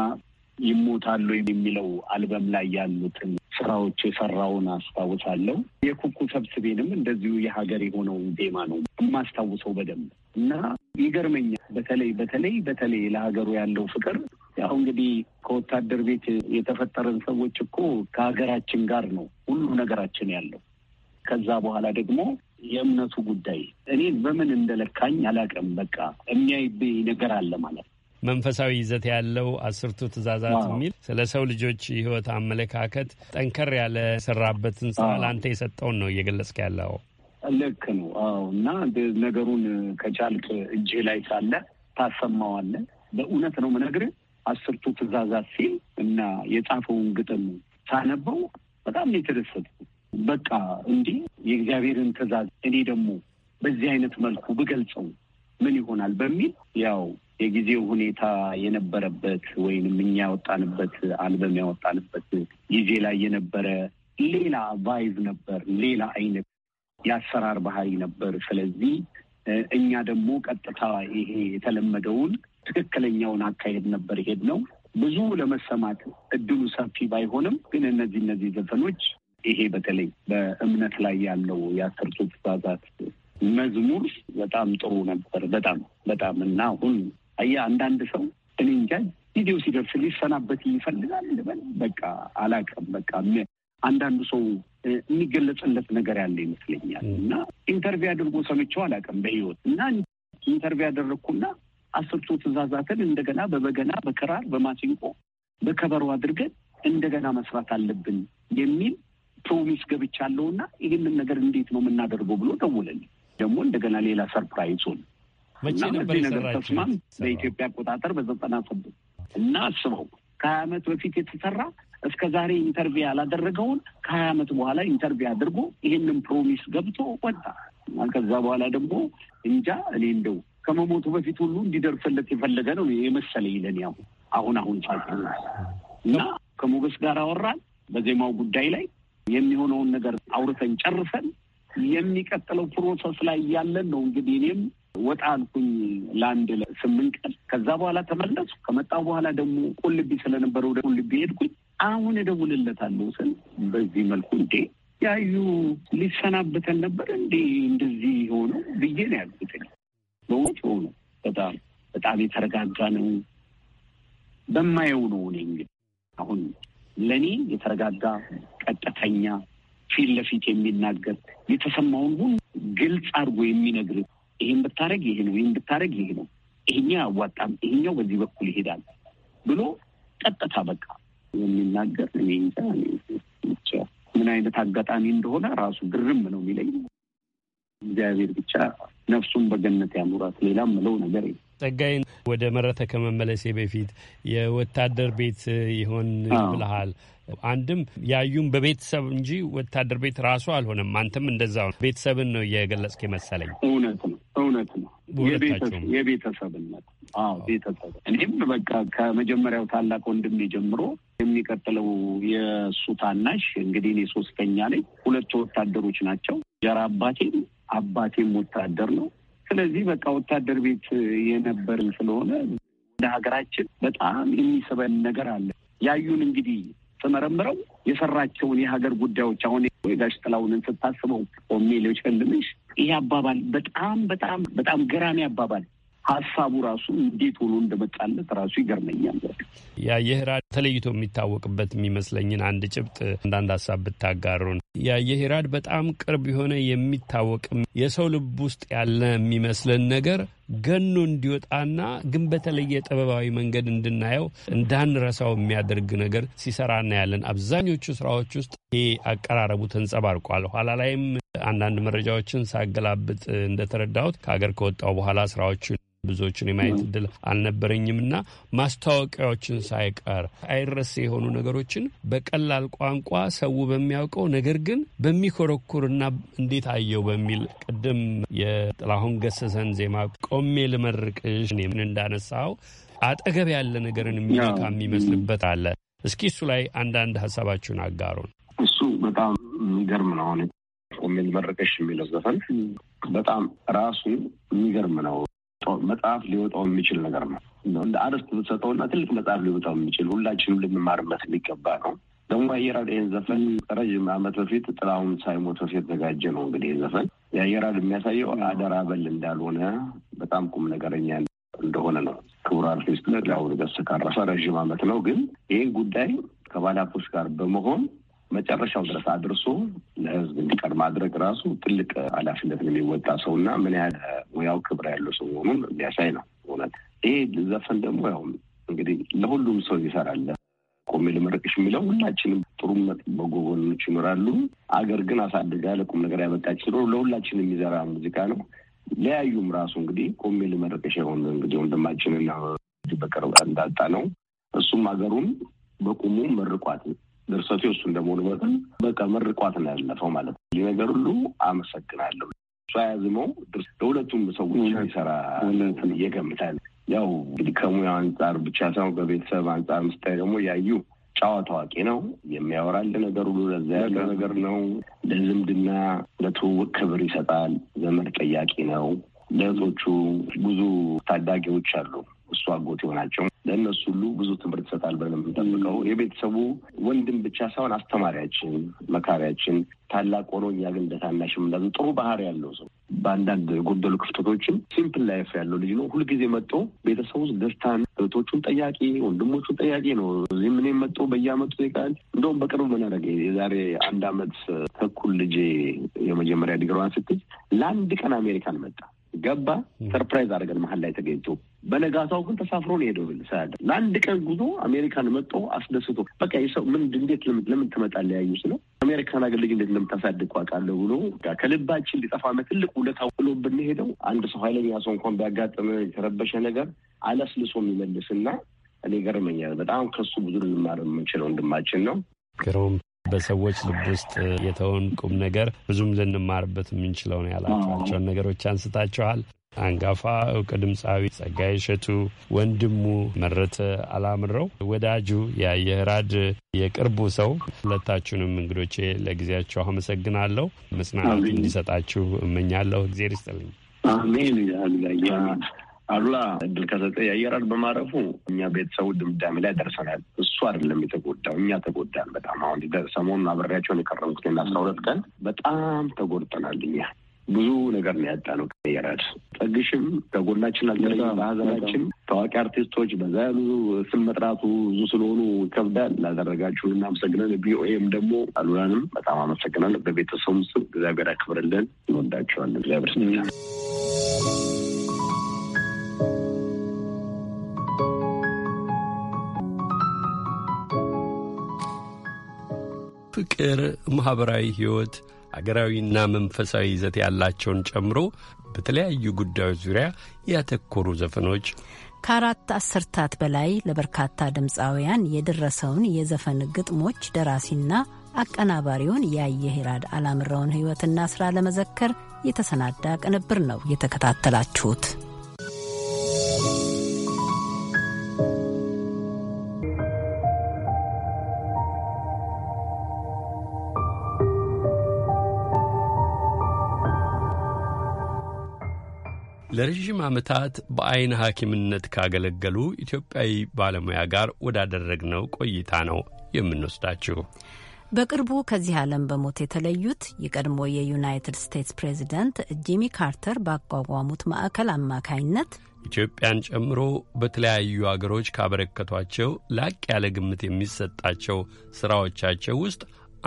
ይሞታሉ የሚለው አልበም ላይ ያሉትን ስራዎች የሰራውን አስታውሳለሁ። የኩኩ ሰብስቤንም እንደዚሁ የሀገር የሆነውን ዜማ ነው የማስታውሰው በደንብ እና ይገርመኛል። በተለይ በተለይ በተለይ ለሀገሩ ያለው ፍቅር ያው እንግዲህ ከወታደር ቤት የተፈጠረን ሰዎች እኮ ከሀገራችን ጋር ነው ሁሉ ነገራችን ያለው። ከዛ በኋላ ደግሞ የእምነቱ ጉዳይ እኔ በምን እንደለካኝ አላውቅም። በቃ የሚያይብኝ ነገር አለ ማለት መንፈሳዊ ይዘት ያለው አስርቱ ትእዛዛት የሚል ስለ ሰው ልጆች ህይወት አመለካከት ጠንከር ያለ ሰራበትን ስራ ለአንተ የሰጠውን ነው እየገለጽክ ያለው። ልክ ነው። አዎ። እና ነገሩን ከቻልክ እጅ ላይ ሳለ ታሰማዋለ። በእውነት ነው ምነግርህ። አስርቱ ትእዛዛት ሲል እና የጻፈውን ግጥም ሳነበው በጣም የተደሰት በቃ እንዲህ የእግዚአብሔርን ትእዛዝ እኔ ደግሞ በዚህ አይነት መልኩ ብገልጸው ምን ይሆናል በሚል ያው የጊዜው ሁኔታ የነበረበት ወይንም እኛ ያወጣንበት አልበም ያወጣንበት ጊዜ ላይ የነበረ ሌላ ቫይቭ ነበር፣ ሌላ አይነት የአሰራር ባህሪ ነበር። ስለዚህ እኛ ደግሞ ቀጥታ ይሄ የተለመደውን ትክክለኛውን አካሄድ ነበር ሄድ ነው። ብዙ ለመሰማት እድሉ ሰፊ ባይሆንም ግን እነዚህ እነዚህ ዘፈኖች ይሄ በተለይ በእምነት ላይ ያለው የአስርቱ ትእዛዛት መዝሙር በጣም ጥሩ ነበር። በጣም በጣም እና አሁን አያ አንዳንድ ሰው እኔ እንጃ ጊዜው ሲደርስ ሊሰናበት ይፈልጋል። በቃ አላውቅም በቃ አንዳንዱ ሰው የሚገለጽለት ነገር ያለ ይመስለኛል እና ኢንተርቪው አድርጎ ሰምቼው አላውቅም በህይወት እና ኢንተርቪው ያደረግኩና አስርቱ ትእዛዛትን እንደገና በበገና በክራር በማሲንቆ በከበሮ አድርገን እንደገና መስራት አለብን የሚል ፕሮሚስ ገብቻለሁና ይህንን ነገር እንዴት ነው የምናደርገው ብሎ ደውለን ደግሞ እንደገና ሌላ ሰርፕራይዝ ሆነ እና በዚህ ነገር ተስማም በኢትዮጵያ አቆጣጠር በዘጠና ስድስት እና አስበው ከሀያ ዓመት በፊት የተሰራ እስከ ዛሬ ኢንተርቪ ያላደረገውን ከሀያ ዓመት በኋላ ኢንተርቪ አድርጎ ይህንን ፕሮሚስ ገብቶ ወጣ። ከዛ በኋላ ደግሞ እንጃ እኔ እንደው ከመሞቱ በፊት ሁሉ እንዲደርፍለት የፈለገ ነው ይለን ያው አሁን አሁን አሁን እና ከሞገስ ጋር አወራን በዜማው ጉዳይ ላይ የሚሆነውን ነገር አውርተን ጨርሰን የሚቀጥለው ፕሮሰስ ላይ ያለን ነው እንግዲህ እኔም ወጣ አልኩኝ ለአንድ ስምንት ቀን። ከዛ በኋላ ተመለሱ። ከመጣ በኋላ ደግሞ ቁልቢ ስለነበረ ወደ ቁልቢ ሄድኩኝ። አሁን እደውልለታለሁ ስል በዚህ መልኩ እንዴ ያዩ ሊሰናብተን ነበር እንዴ እንደዚህ ሆኖ ብዬ ነው ያልኩት። በውጭ ሆኖ በጣም በጣም የተረጋጋ ነው በማየው ነው። እኔ እንግዲህ አሁን ለእኔ የተረጋጋ ቀጥተኛ ፊት ለፊት የሚናገር የተሰማውን ሁሉ ግልጽ አድርጎ የሚነግር ይህን ብታደረግ ይህ ነው፣ ይህን ብታደረግ ይህ ነው፣ ይሄኛው ያዋጣም፣ ይሄኛው በዚህ በኩል ይሄዳል ብሎ ቀጥታ በቃ የሚናገር እኔ እንጃ ምን አይነት አጋጣሚ እንደሆነ ራሱ ግርም ነው የሚለኝ። እግዚአብሔር ብቻ ነፍሱን በገነት ያኑራት። ሌላም ምለው ነገር የለም። ጸጋይ፣ ወደ መረተ ከመመለሴ በፊት የወታደር ቤት ይሆን ብልሃል። አንድም ያዩም በቤተሰብ እንጂ ወታደር ቤት ራሱ አልሆነም። አንተም እንደዛው ነው። ቤተሰብን ነው እየገለጽክ መሰለኝ። እውነት ነው፣ እውነት ነው። የቤተሰብነት ቤተሰብ እኔም በቃ ከመጀመሪያው ታላቅ ወንድሜ ጀምሮ የሚቀጥለው የእሱ ታናሽ እንግዲህ እኔ ሶስተኛ ነኝ። ሁለቱ ወታደሮች ናቸው። ጀራ አባቴም አባቴም ወታደር ነው። ስለዚህ በቃ ወታደር ቤት የነበርን ስለሆነ እንደ ሀገራችን በጣም የሚስበን ነገር አለ። ያዩን እንግዲህ ስመረምረው የሰራቸውን የሀገር ጉዳዮች አሁን የጋሽ ጥላሁንን ስታስበው ኦሜሌ ጨልምሽ ይሄ አባባል በጣም በጣም በጣም ገራሚ አባባል ሀሳቡ ራሱ እንዴት ሆኖ እንደመጣለት ራሱ ይገርመኛል። ያ የህራድ ተለይቶ የሚታወቅበት የሚመስለኝን አንድ ጭብጥ አንዳንድ ሀሳብ ብታጋሩን። ያ የህራድ በጣም ቅርብ የሆነ የሚታወቅ የሰው ልብ ውስጥ ያለ የሚመስለን ነገር ገኖ እንዲወጣና ግን በተለየ ጥበባዊ መንገድ እንድናየው እንዳንረሳው የሚያደርግ ነገር ሲሰራ እናያለን። አብዛኞቹ ስራዎች ውስጥ ይሄ አቀራረቡ ተንጸባርቋል። ኋላ ላይም አንዳንድ መረጃዎችን ሳገላብጥ እንደተረዳሁት ከሀገር ከወጣው በኋላ ስራዎቹን ብዙዎችን የማየት እድል አልነበረኝም እና ማስታወቂያዎችን ሳይቀር አይረሴ የሆኑ ነገሮችን በቀላል ቋንቋ ሰው በሚያውቀው ነገር ግን በሚኮረኩርና እንዴት አየው በሚል ቅድም የጥላሁን ገሰሰን ዜማ ቆሜ ልመርቅሽ ምን እንዳነሳው አጠገብ ያለ ነገርን የሚነካ የሚመስልበት አለ። እስኪ እሱ ላይ አንዳንድ ሀሳባችሁን አጋሩን። እሱ በጣም የሚገርም ነው። አሁን ቆሜ ልመርቅሽ የሚለው ዘፈን በጣም ራሱ የሚገርም ነው። መጽሐፍ ሊወጣው የሚችል ነገር ነው። እንደ አርስት እና ትልቅ መጽሐፍ ሊወጣው የሚችል ሁላችንም ልንማርበት የሚገባ ነው። ደግሞ አየራድ ይህን ዘፈን ረዥም ዓመት በፊት ጥላሁን ሳይሞት በፊት የተዘጋጀ ነው። እንግዲህ ዘፈን የአየራድ የሚያሳየው አደራ በል እንዳልሆነ በጣም ቁም ነገረኛ እንደሆነ ነው። ክቡር አርቲስት ጥላሁን ገስ ካረፈ ረዥም ዓመት ነው። ግን ይህን ጉዳይ ከባላፖስ ጋር በመሆን መጨረሻው ድረስ አድርሶ ለህዝብ እንዲቀር ማድረግ ራሱ ትልቅ ኃላፊነትን የሚወጣ ሰው እና ምን ያህል ሙያው ክብር ያለው ሰው መሆኑን የሚያሳይ ነው። እውነት ይሄ ዘፈን ደግሞ ያው እንግዲህ ለሁሉም ሰው ይሰራል። ቆሜ ልመረቅሽ የሚለው ሁላችንም ጥሩ በጎ ጎኖች ይኖራሉ። አገር ግን አሳድጋ ለቁም ነገር ያበቃች ስለሆነ ለሁላችን የሚዘራ ሙዚቃ ነው። ለያዩም ራሱ እንግዲህ ቆሜ ልመረቅሽ የሆን እንግዲህ ወንድማችንን በቅርብ እንዳጣ ነው። እሱም አገሩን በቁሙ መርቋት ድርሰቱ እሱ እንደመሆኑ መጠን በቃ መርቋት ነው ያለፈው ማለት ነው። ይህ ነገር ሁሉ አመሰግናለሁ። እሱ ያዝመው ለሁለቱም ሰዎች የሚሰራ እየገምታል። ያው እንግዲህ ከሙያ አንጻር ብቻ ሳይሆን በቤተሰብ አንጻር ምስታይ ደግሞ ያዩ ጫዋ ታዋቂ ነው። የሚያወራል ነገር ሁሉ ለዛ ያለ ነገር ነው። ለዝምድና ለትውውቅ ክብር ይሰጣል። ዘመድ ጠያቂ ነው። ለእህቶቹ ብዙ ታዳጊዎች አሉ። እሱ አጎት ይሆናቸው ለእነሱ ሁሉ ብዙ ትምህርት ይሰጣል ብለን የምንጠብቀው የቤተሰቡ ወንድም ብቻ ሳይሆን አስተማሪያችን፣ መካሪያችን ታላቅ ሆኖ እኛ ግን እንደ ታናሽ ጥሩ ባህሪ ያለው ሰው በአንዳንድ የጎደሉ ክፍተቶችን ሲምፕል ላይፍ ያለው ልጅ ነው። ሁልጊዜ መጦ ቤተሰቡ ውስጥ ደስታን እህቶቹን ጠያቂ፣ ወንድሞቹን ጠያቂ ነው። እዚህም እኔም መጦ በየአመቱ ይቃል። እንደውም በቅርብ ምን አደረገ የዛሬ አንድ አመት ተኩል ልጄ የመጀመሪያ ዲግሪዋን ስትል ለአንድ ቀን አሜሪካን መጣ ገባ። ሰርፕራይዝ አድርገን መሀል ላይ ተገኝቶ በነጋታው ግን ተሳፍሮ ነው ሄደው ሳያደር ለአንድ ቀን ጉዞ አሜሪካን መጦ አስደስቶ በቃ ይሰው ምን እንዴት ለምን ትመጣለህ ያዩ ስለው አሜሪካን አገር ልጅ እንዴት እንደምታሳድግ አውቃለሁ ብሎ ከልባችን ሊጠፋ ትልቅ ውለታ ውሎ ብንሄደው አንድ ሰው ኃይለኛ ሰው እንኳን ቢያጋጥም የተረበሸ ነገር አለስልሶ የሚመልስና እኔ ገርመኛል በጣም ከሱ ብዙ ልንማር የምንችለው ወንድማችን ነው። ግሩም በሰዎች ልብ ውስጥ የተውን ቁም ነገር ብዙም ልንማርበት የምንችለው ነው ያላቸዋቸውን ነገሮች አንስታችኋል። አንጋፋ እውቅ ድምፃዊ ጸጋዬ እሸቱ ወንድሙ መረተ አላምረው ወዳጁ የአየህራድ የቅርቡ ሰው ሁለታችሁንም እንግዶቼ ለጊዜያቸው አመሰግናለሁ። መጽናናት እንዲሰጣችሁ እመኛለሁ። እግዜር ይስጥልኝ። አሜን። አሉላ እድል ከሰጠ የአየር በማረፉ እኛ ቤተሰቡ ድምዳሜ ላይ ደርሰናል። እሱ አይደለም የተጎዳው፣ እኛ ተጎዳን በጣም አሁን ሰሞኑን አብሬያቸውን የከረምኩት አስራ ሁለት ቀን በጣም ተጎድጠናል። እኛ ብዙ ነገር ነው ያጣ ነው ከየራድ ጠግሽም ከጎናችን አልተለየ በሀዘናችን ታዋቂ አርቲስቶች በዛ ያሉ ስም መጥራቱ ብዙ ስለሆኑ ይከብዳል። ላደረጋችሁ እናመሰግናል። ቢኦኤም ደግሞ አሉላንም በጣም አመሰግናል። በቤተሰቡ ስም እግዚአብሔር አክብርልን። እንወዳቸዋለን። እግዚአብሔር ስ ፍቅር፣ ማኅበራዊ ሕይወት፣ አገራዊና መንፈሳዊ ይዘት ያላቸውን ጨምሮ በተለያዩ ጉዳዮች ዙሪያ ያተኮሩ ዘፈኖች ከአራት አስርታት በላይ ለበርካታ ድምፃውያን የደረሰውን የዘፈን ግጥሞች ደራሲና አቀናባሪውን ያየ ሄራድ አላምረውን ሕይወትና ሥራ ለመዘከር የተሰናዳ ቅንብር ነው የተከታተላችሁት። ለረዥም ዓመታት በአይን ሐኪምነት ካገለገሉ ኢትዮጵያዊ ባለሙያ ጋር ወዳደረግነው ቆይታ ነው የምንወስዳችሁ። በቅርቡ ከዚህ ዓለም በሞት የተለዩት የቀድሞ የዩናይትድ ስቴትስ ፕሬዚደንት ጂሚ ካርተር ባቋቋሙት ማዕከል አማካይነት ኢትዮጵያን ጨምሮ በተለያዩ አገሮች ካበረከቷቸው ላቅ ያለ ግምት የሚሰጣቸው ሥራዎቻቸው ውስጥ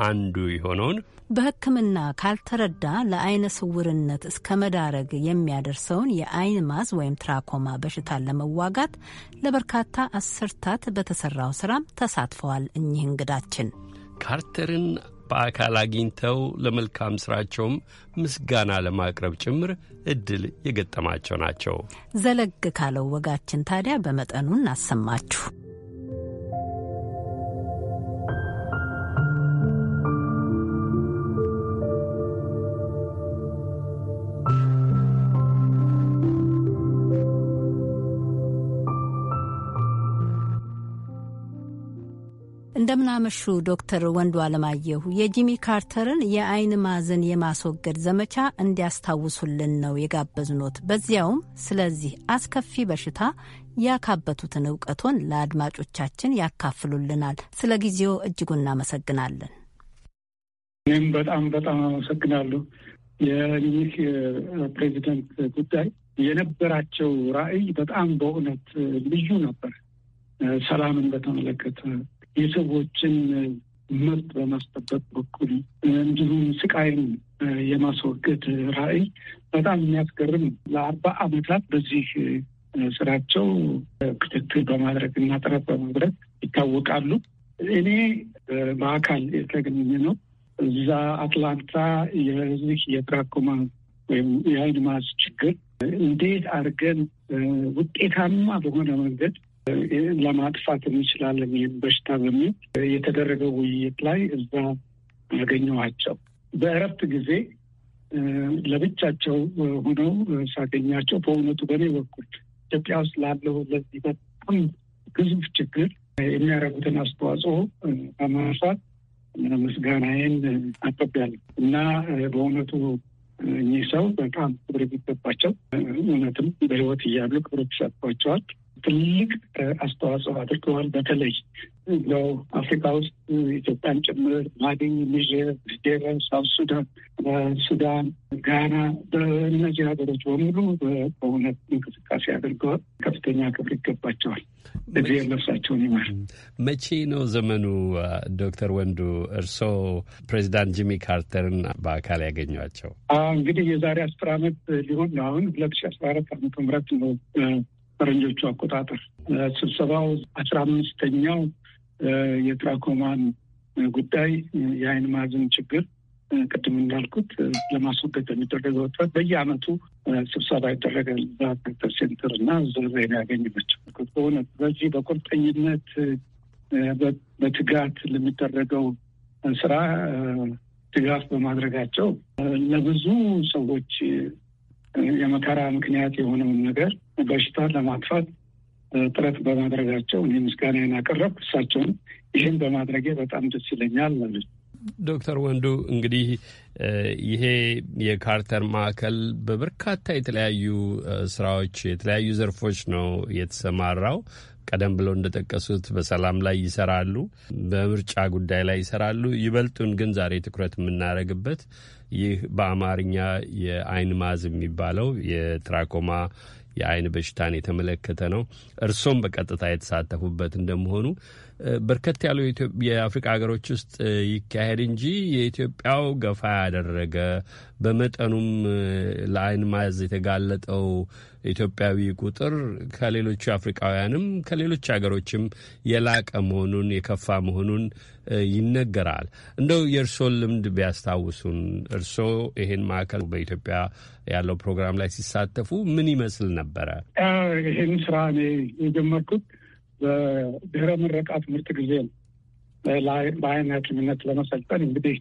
አንዱ የሆነውን በሕክምና ካልተረዳ ለአይነ ስውርነት እስከ መዳረግ የሚያደርሰውን የአይን ማዝ ወይም ትራኮማ በሽታን ለመዋጋት ለበርካታ አስርታት በተሰራው ስራም ተሳትፈዋል። እኚህ እንግዳችን ካርተርን በአካል አግኝተው ለመልካም ስራቸውም ምስጋና ለማቅረብ ጭምር እድል የገጠማቸው ናቸው። ዘለግ ካለው ወጋችን ታዲያ በመጠኑ እናሰማችሁ። እንደምናመሹ ዶክተር ወንዱ አለማየሁ የጂሚ ካርተርን የአይን ማዘን የማስወገድ ዘመቻ እንዲያስታውሱልን ነው የጋበዝኖት። በዚያውም ስለዚህ አስከፊ በሽታ ያካበቱትን እውቀቶን ለአድማጮቻችን ያካፍሉልናል። ስለ ጊዜው እጅጉ እናመሰግናለን። እኔም በጣም በጣም አመሰግናለሁ። የኒህ ፕሬዚደንት ጉዳይ የነበራቸው ራዕይ በጣም በእውነት ልዩ ነበር። ሰላምን በተመለከተ የሰዎችን መብት በማስጠበቅ በኩል እንዲሁም ስቃይን የማስወገድ ራዕይ በጣም የሚያስገርም ለአርባ ዓመታት በዚህ ስራቸው ክትትል በማድረግ እና ጥረት በማድረግ ይታወቃሉ። እኔ በአካል የተገኘ ነው። እዛ አትላንታ የዚህ የትራኮማ ወይም የአይን ማስ ችግር እንዴት አድርገን ውጤታማ በሆነ መንገድ ለማጥፋት እንችላለን ይህን በሽታ በሚል የተደረገው ውይይት ላይ እዛ አገኘኋቸው። በእረፍት ጊዜ ለብቻቸው ሆነው ሳገኛቸው በእውነቱ በእኔ በኩል ኢትዮጵያ ውስጥ ላለው ለዚህ በጣም ግዙፍ ችግር የሚያደርጉትን አስተዋጽኦ በማንሳት ምስጋናዬን አቅርቤያለሁ እና በእውነቱ እኚህ ሰው በጣም ክብር የሚገባቸው እውነትም በሕይወት እያሉ ክብር ተሰጥቷቸዋል። ትልቅ አስተዋጽኦ አድርገዋል። በተለይ ነው አፍሪካ ውስጥ ኢትዮጵያን ጭምር ማሊ፣ ኒጀር፣ ዴረ ሳውት ሱዳን፣ ሱዳን፣ ጋና በእነዚህ ሀገሮች በሙሉ በእውነት እንቅስቃሴ አድርገዋል። ከፍተኛ ክብር ይገባቸዋል። እግዚአብሔር ነፍሳቸውን ይማር። መቼ ነው ዘመኑ? ዶክተር ወንዱ እርስዎ ፕሬዚዳንት ጂሚ ካርተርን በአካል ያገኟቸው? እንግዲህ የዛሬ አስር አመት ሊሆን አሁን ሁለት ሺ አስራ አራት አመተ ምህረት ነው ፈረንጆቹ አቆጣጠር። ስብሰባው አስራ አምስተኛው የትራኮማን ጉዳይ የአይን ማዕዘን ችግር ቅድም እንዳልኩት ለማስወገድ የሚደረገው ጥረት በየአመቱ ስብሰባ ይደረገ ሴንተር እና ዘሬን ያገኝበቸው በሆነ በዚህ በቁርጠኝነት በትጋት ለሚደረገው ስራ ድጋፍ በማድረጋቸው ለብዙ ሰዎች የመከራ ምክንያት የሆነውን ነገር በሽታ ለማጥፋት ጥረት በማድረጋቸው እኔ ምስጋናዬን አቀረብኩ። እሳቸውን ይህን በማድረጌ በጣም ደስ ይለኛል ማለት ዶክተር ወንዱ እንግዲህ ይሄ የካርተር ማዕከል በበርካታ የተለያዩ ስራዎች የተለያዩ ዘርፎች ነው የተሰማራው። ቀደም ብለው እንደጠቀሱት በሰላም ላይ ይሰራሉ፣ በምርጫ ጉዳይ ላይ ይሰራሉ። ይበልጡን ግን ዛሬ ትኩረት የምናደርግበት ይህ በአማርኛ የአይን ማዝ የሚባለው የትራኮማ የአይን በሽታን የተመለከተ ነው። እርሶም በቀጥታ የተሳተፉበት እንደመሆኑ በርከት ያሉ የአፍሪካ ሀገሮች ውስጥ ይካሄድ እንጂ የኢትዮጵያው ገፋ ያደረገ በመጠኑም ለአይን ማዝ የተጋለጠው ኢትዮጵያዊ ቁጥር ከሌሎቹ አፍሪካውያንም ከሌሎች ሀገሮችም የላቀ መሆኑን የከፋ መሆኑን ይነገራል። እንደው የእርሶን ልምድ ቢያስታውሱን። እርሶ ይሄን ማዕከል በኢትዮጵያ ያለው ፕሮግራም ላይ ሲሳተፉ ምን ይመስል ነበረ? ይህን ስራ እኔ የጀመርኩት በድህረ ምረቃ ትምህርት ጊዜ በአይን ሐኪምነት ለመሰልጠን እንግዲህ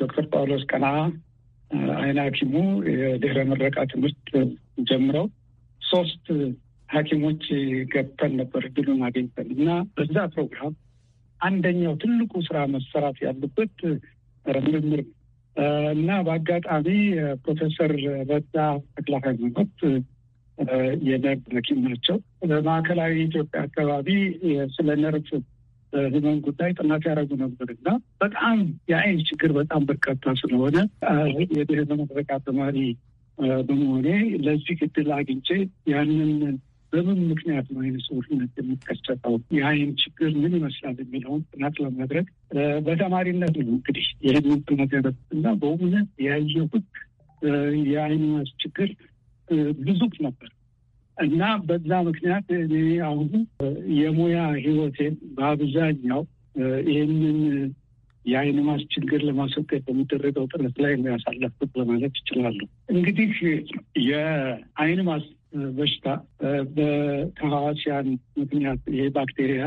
ዶክተር ጳውሎስ ቀና አይን ሐኪሙ የድህረ ምረቃ ትምህርት ጀምረው ሶስት ሐኪሞች ገብተን ነበር ድሉን አገኝተን እና በዛ ፕሮግራም አንደኛው ትልቁ ስራ መሰራት ያለበት ምርምር ነው። እና በአጋጣሚ ፕሮፌሰር በዛ ተክለ ሃይማኖት የነርቭ ሐኪም ናቸው። በማዕከላዊ ኢትዮጵያ አካባቢ ስለ ነርቭ ህመም ጉዳይ ጥናት ያደረጉ ነበር እና በጣም የአይን ችግር በጣም በርካታ ስለሆነ የድህረ ምረቃ ተማሪ በመሆኔ ለዚህ እድል አግኝቼ ያንን በምን ምክንያት ነው አይነ ስውርነት የሚከሰተው? የአይን ችግር ምን ይመስላል የሚለውን ጥናት ለማድረግ በተማሪነት ነው እንግዲህ ይህንን ነገር እና በእውነት ያየሁት የአይን ችግር ግዙፍ ነበር እና በዛ ምክንያት እኔ አሁን የሙያ ህይወቴን በአብዛኛው ይህንን የአይን ማስ ችግር ለማስወገድ በሚደረገው ጥረት ላይ ያሳለፍኩት ለማለት ይችላሉ። እንግዲህ የአይን ማስ በሽታ በተህዋሲያን ምክንያት ይሄ ባክቴሪያ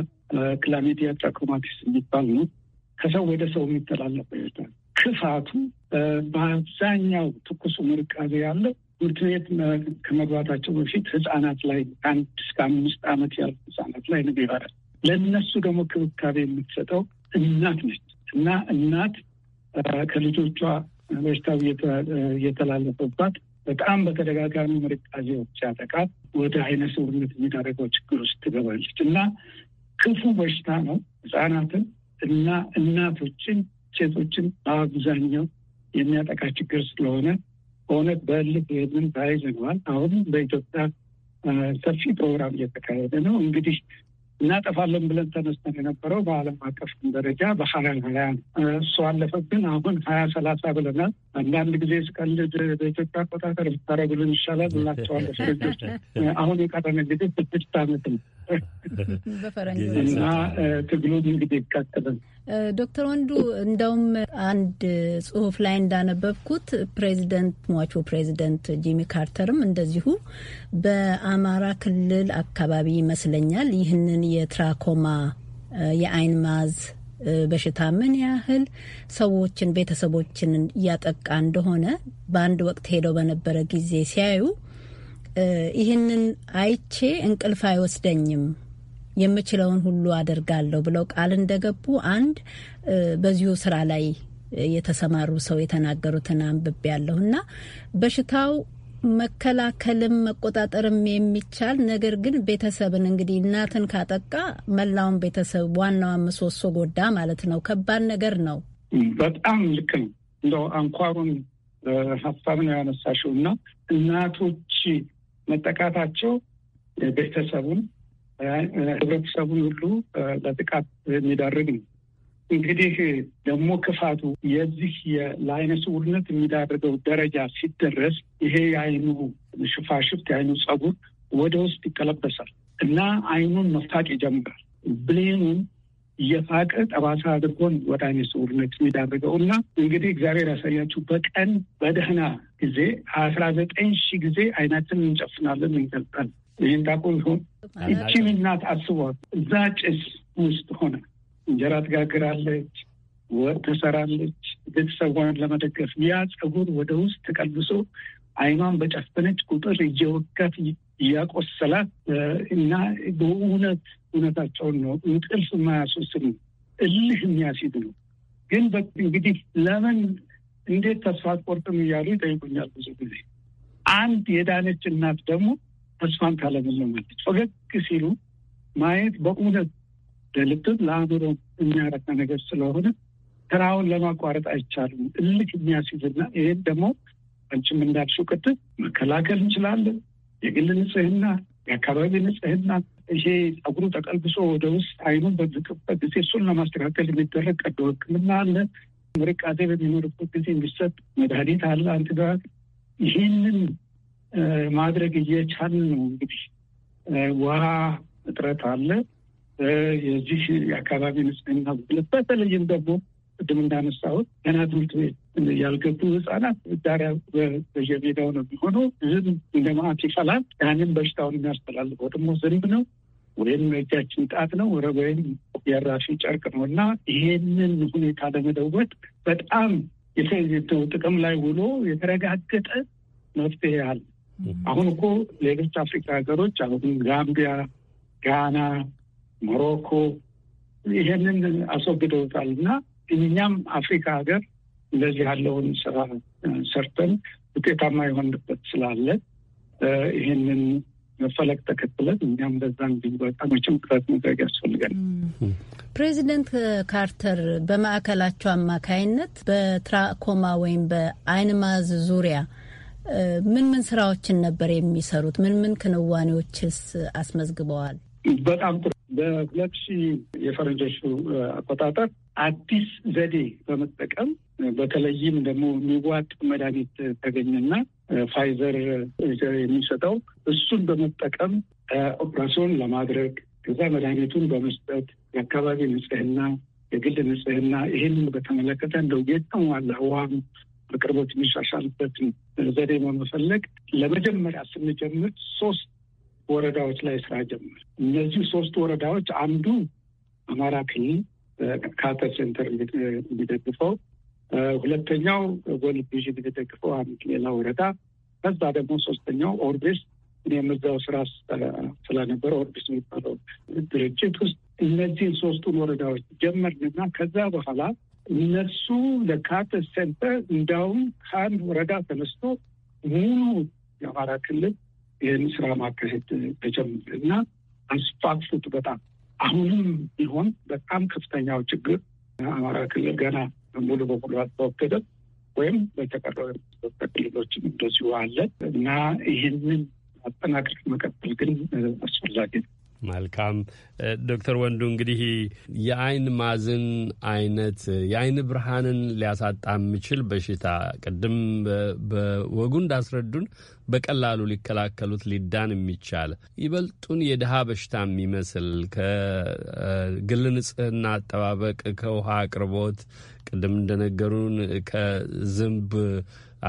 ክላሜዲያ ትራኮማቲስ የሚባል ነው። ከሰው ወደ ሰው የሚተላለፍ በሽታ ክፋቱ በአብዛኛው ትኩሱ ምርቃዜ ያለው ትምህርት ቤት ከመግባታቸው በፊት ህጻናት ላይ አንድ እስከ አምስት ዓመት ያሉ ህጻናት ላይ ነው ይባላል። ለእነሱ ደግሞ ክብካቤ የምትሰጠው እናት ነች እና እናት ከልጆቿ በሽታው እየተላለፈባት በጣም በተደጋጋሚ ምርቃዜዎች ያጠቃት ወደ አይነ ስውርነት የሚደረገው ችግር ውስጥ ትገባለች እና ክፉ በሽታ ነው። ህጻናትን እና እናቶችን፣ ሴቶችን በአብዛኛው የሚያጠቃ ችግር ስለሆነ በእውነት በልብ ይህንን ታይዘነዋል። አሁን በኢትዮጵያ ሰፊ ፕሮግራም እየተካሄደ ነው። እንግዲህ እናጠፋለን ብለን ተነስተን የነበረው በዓለም አቀፍ ደረጃ በሀያ ሀያ እሱ አለፈብን። አሁን ሀያ ሰላሳ ብለናል። አንዳንድ ጊዜ ስቀልድ በኢትዮጵያ አቆጣጠር ብታረጉልን ይሻላል እናቸዋለን። ልጆች <laughs> አሁን የቀረን ጊዜ ስድስት ዓመት ነው እና ትግሉን እንግዲህ ይቀጥልን። ዶክተር ወንዱ እንደውም አንድ ጽሁፍ ላይ እንዳነበብኩት ፕሬዚደንት ሟቹ ፕሬዚደንት ጂሚ ካርተርም እንደዚሁ በአማራ ክልል አካባቢ ይመስለኛል ይህንን የትራኮማ የአይን ማዝ በሽታ ምን ያህል ሰዎችን ቤተሰቦችን እያጠቃ እንደሆነ በአንድ ወቅት ሄደው በነበረ ጊዜ ሲያዩ ይህንን አይቼ እንቅልፍ አይወስደኝም የምችለውን ሁሉ አደርጋለሁ ብለው ቃል እንደገቡ አንድ በዚሁ ስራ ላይ የተሰማሩ ሰው የተናገሩትን አንብቤ ያለሁ እና በሽታው መከላከልም መቆጣጠርም የሚቻል ነገር ግን ቤተሰብን እንግዲህ እናትን ካጠቃ መላውን ቤተሰብ ዋናዋን ምሰሶ ጎዳ ማለት ነው። ከባድ ነገር ነው። በጣም ልክ ነው። እንደው አንኳሩን ሀሳብ ነው ያነሳሽው እና እናቶች መጠቃታቸው ቤተሰቡን፣ ህብረተሰቡን ሁሉ ለጥቃት የሚዳርግ ነው። እንግዲህ ደግሞ ክፋቱ የዚህ ለአይነ ስውርነት የሚዳርገው ደረጃ ሲደረስ ይሄ የአይኑ ሽፋሽፍት የአይኑ ጸጉር ወደ ውስጥ ይቀለበሳል እና አይኑን መፋቅ ይጀምራል። ብሌኑን የፋቀ ጠባሳ አድርጎን ወደ አይነ ስውርነት የሚዳርገው እና እንግዲህ እግዚአብሔር ያሳያችሁ በቀን በደህና ጊዜ አስራ ዘጠኝ ሺህ ጊዜ አይናችን እንጨፍናለን፣ እንገልጣል። ይህን ታቆ ይሆን? ይቺን እናት አስቧት እዛ ጭስ ውስጥ ሆነ እንጀራ ትጋግራለች፣ ወጥ ትሰራለች፣ ቤተሰቧን ለመደገፍ ያ ጸጉር ወደ ውስጥ ተቀልብሶ አይኗን በጨፈነች ቁጥር እየወጋት እያቆሰላት እና በእውነት እውነታቸውን ነው እንቅልፍ የማያስወስድ ነው፣ እልህ የሚያስይዝ ነው። ግን እንግዲህ ለምን እንዴት ተስፋ አትቆርጥም እያሉ ይጠይቁኛል ብዙ ጊዜ። አንድ የዳነች እናት ደግሞ ተስፋን ካለመለማለች ፈገግ ሲሉ ማየት በእውነት ለልብም ለአእምሮ የሚያረካ ነገር ስለሆነ ስራውን ለማቋረጥ አይቻልም። እልክ የሚያስይዝና ይሄን ደግሞ አንቺም እንዳልሽው ቅድም መከላከል እንችላለን። የግል ንጽህና፣ የአካባቢ ንጽህና፣ ይሄ ጸጉሩ ተቀልብሶ ወደ ውስጥ አይኑን በምቅበት ጊዜ እሱን ለማስተካከል የሚደረግ ቀዶ ሕክምና አለ። ምርቃዜ በሚኖርበት ጊዜ የሚሰጥ መድኃኒት አለ፣ ጋር ይህንን ማድረግ እየቻልን ነው። እንግዲህ ውሃ እጥረት አለ። የዚህ የአካባቢ ንጽህና ጉድለት በተለይም ደግሞ ቅድም እንዳነሳሁት ገና ትምህርት ቤት ያልገቡ ህጻናት ዳሪያ በየሜዳው ነው የሚሆኑ። ዝም እንደ ማአት ይፈላል። ያንን በሽታውን የሚያስተላልፈው ደግሞ ዝንብ ነው ወይም እጃችን ጣት ነው ወይም የራሽ ጨርቅ ነው እና ይሄንን ሁኔታ ለመለወጥ በጣም የተው ጥቅም ላይ ውሎ የተረጋገጠ መፍትሄ አለ። አሁን እኮ ሌሎች አፍሪካ ሀገሮች አሁን ጋምቢያ፣ ጋና ሞሮኮ ይሄንን አስወግደውታል እና እኛም አፍሪካ ሀገር እንደዚህ ያለውን ስራ ሰርተን ውጤታማ የሆንበት ስላለ ይህንን መፈለግ ተከትለን እኛም በዛ እንዲወጣ መቼም ጥረት ማድረግ ያስፈልጋል። ፕሬዚደንት ካርተር በማዕከላቸው አማካይነት በትራኮማ ወይም በአይንማዝ ዙሪያ ምን ምን ስራዎችን ነበር የሚሰሩት? ምን ምን ክንዋኔዎችስ አስመዝግበዋል? በጣም ጥሩ በሁለት ሺህ የፈረንጆቹ አቆጣጠር አዲስ ዘዴ በመጠቀም በተለይም ደግሞ የሚዋጥ መድኃኒት ተገኘና ፋይዘር የሚሰጠው እሱን በመጠቀም ኦፕራሲዮን ለማድረግ ከዛ መድኃኒቱን በመስጠት የአካባቢ ንጽህና፣ የግል ንጽህና ይህንን በተመለከተ እንደው የተሟላ ውሃም በቅርቦት የሚሻሻልበትን ዘዴ በመፈለግ ለመጀመሪያ ስንጀምር ሶስት ወረዳዎች ላይ ስራ ጀመር። እነዚህ ሶስት ወረዳዎች አንዱ አማራ ክልል ካተ ሴንተር የሚደግፈው፣ ሁለተኛው ጎል ቪዥን የሚደግፈው አንድ ሌላ ወረዳ፣ ከዛ ደግሞ ሶስተኛው ኦርቢስ እኔም እዛው ስራ ስለነበረ ኦርቢስ የሚባለው ድርጅት ውስጥ እነዚህን ሶስቱን ወረዳዎች ጀመርንና ከዛ በኋላ እነሱ ለካተ ሴንተር እንዲያውም ከአንድ ወረዳ ተነስቶ ሙሉ የአማራ ክልል ይህን ስራ ማካሄድ ተጀምር እና አስፋፉት። በጣም አሁንም ቢሆን በጣም ከፍተኛው ችግር አማራ ክልል ገና ሙሉ በሙሉ አልተወገደም፣ ወይም በተቀረው ክልሎችም እንደዚሁ አለ እና ይህንን አጠናክር መቀጠል ግን አስፈላጊ ነው። መልካም ዶክተር ወንዱ እንግዲህ የአይን ማዝን አይነት የአይን ብርሃንን ሊያሳጣ የሚችል በሽታ ቅድም በወጉ እንዳስረዱን በቀላሉ ሊከላከሉት ሊዳን የሚቻል ይበልጡን የድሃ በሽታ የሚመስል ከግል ንጽህና አጠባበቅ፣ ከውሃ አቅርቦት ቅድም እንደነገሩን ከዝንብ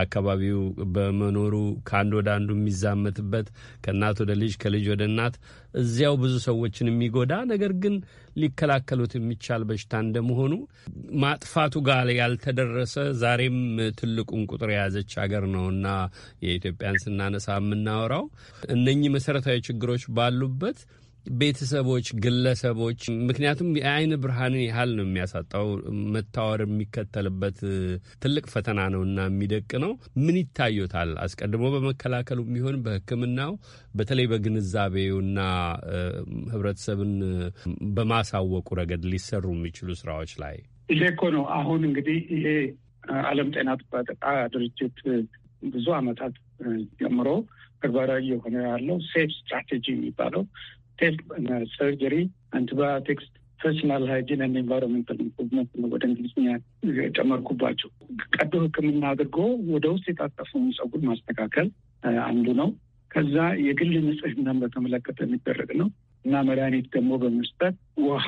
አካባቢው በመኖሩ ከአንድ ወደ አንዱ የሚዛመትበት ከእናት ወደ ልጅ ከልጅ ወደ እናት እዚያው ብዙ ሰዎችን የሚጎዳ ነገር ግን ሊከላከሉት የሚቻል በሽታ እንደመሆኑ ማጥፋቱ ጋር ያልተደረሰ ዛሬም ትልቁን ቁጥር የያዘች ሀገር ነውና የኢትዮጵያን ስናነሳ የምናወራው እነኚህ መሰረታዊ ችግሮች ባሉበት ቤተሰቦች፣ ግለሰቦች ምክንያቱም የአይን ብርሃንን ያህል ነው የሚያሳጣው መታወር የሚከተልበት ትልቅ ፈተና ነው እና የሚደቅ ነው። ምን ይታዩታል? አስቀድሞ በመከላከሉ የሚሆን በሕክምናው በተለይ በግንዛቤውና ህብረተሰብን በማሳወቁ ረገድ ሊሰሩ የሚችሉ ስራዎች ላይ ይሄ እኮ ነው። አሁን እንግዲህ ይሄ ዓለም ጤና ጥበቃ ድርጅት ብዙ አመታት ጀምሮ ተግባራዊ የሆነ ያለው ሴፍ ስትራቴጂ የሚባለው ሰርጀሪ፣ አንቲባዮቲክስ፣ ፐርሰናል ሃይጂን ን ኤንቫይሮንመንታል ኢምፕሩቭመንት ነው ወደ እንግሊዝኛ የጨመርኩባቸው። ቀዶ ሕክምና አድርጎ ወደ ውስጥ የታጠፈውን ጸጉር ማስተካከል አንዱ ነው። ከዛ የግል ንጽህናን በተመለከተ የሚደረግ ነው እና መድኃኒት ደግሞ በመስጠት ውሃ፣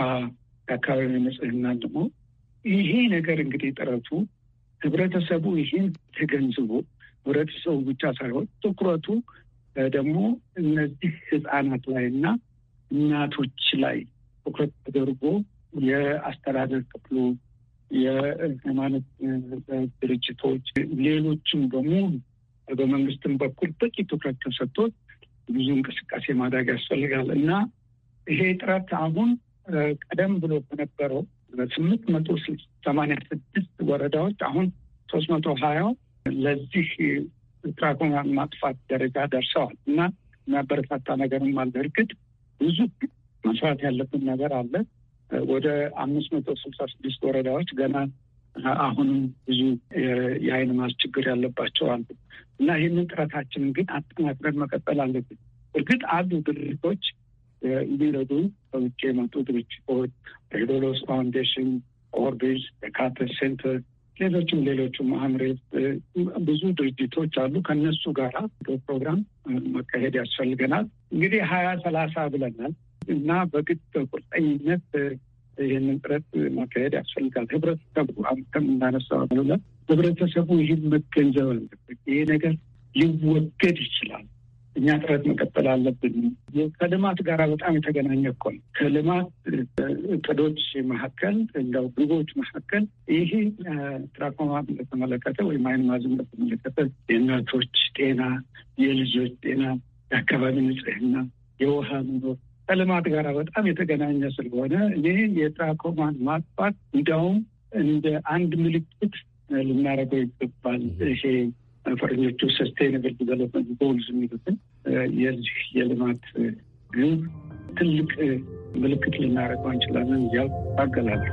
የአካባቢ ንጽህና ደግሞ ይሄ ነገር እንግዲህ ጥረቱ ህብረተሰቡ ይህን ተገንዝቦ ህብረተሰቡ ብቻ ሳይሆን ትኩረቱ ደግሞ እነዚህ ህፃናት ላይ እና እናቶች ላይ ትኩረት ተደርጎ የአስተዳደር ክፍሉ የሃይማኖት ድርጅቶች፣ ሌሎችም በሙሉ በመንግስትም በኩል በቂ ትኩረት ተሰጥቶት ብዙ እንቅስቃሴ ማድረግ ያስፈልጋል እና ይሄ ጥረት አሁን ቀደም ብሎ በነበረው ስምንት መቶ ሰማንያ ስድስት ወረዳዎች አሁን ሶስት መቶ ሀያው ለዚህ ትራኮማ ማጥፋት ደረጃ ደርሰዋል እና የሚያበረታታ ነገርም አለ እርግጥ ብዙ መስራት ያለብን ነገር አለ። ወደ አምስት መቶ ስልሳ ስድስት ወረዳዎች ገና አሁንም ብዙ የአይን ማስ ችግር ያለባቸው አሉ እና ይህንን ጥረታችንን ግን አጠናክረን መቀጠል አለብን። እርግጥ አሉ ድርጅቶች የሚረዱ ከውጭ የመጡ ድርጅቶች ሄዶሎስ ፋውንዴሽን፣ ኦርቢስ፣ የካተር ሴንተር ሌሎችም ሌሎችም ማህምሬት ብዙ ድርጅቶች አሉ። ከነሱ ጋር ፕሮግራም መካሄድ ያስፈልገናል። እንግዲህ ሀያ ሰላሳ ብለናል እና በግድ በቁርጠኝነት ይህንን ጥረት መካሄድ ያስፈልጋል። ህብረተሰቡ አምተም ብለ ህብረተሰቡ ይህን መገንዘብ ይሄ ነገር ሊወገድ ይችላል እኛ ጥረት መቀጠል አለብን። ከልማት ጋር በጣም የተገናኘ እኮ ነው። ከልማት እቅዶች መካከል እንደው ግቦች መካከል ይሄ ትራኮማ በተመለከተ ወይም አይን ማዝም በተመለከተ የእናቶች ጤና፣ የልጆች ጤና፣ የአካባቢ ንጽህና፣ የውሃ መኖር ከልማት ጋር በጣም የተገናኘ ስለሆነ ይህ የትራኮማን ማጥፋት እንዲያውም እንደ አንድ ምልክት ልናደርገው ይገባል ይሄ ፈረንጆቹ ሰስቴይነብል ዲቨሎፕመንት ጎልዝ የሚሉትን የዚህ የልማት ግብ ትልቅ ምልክት ልናደርገው እንችላለን። እዚያው አገላለሁ።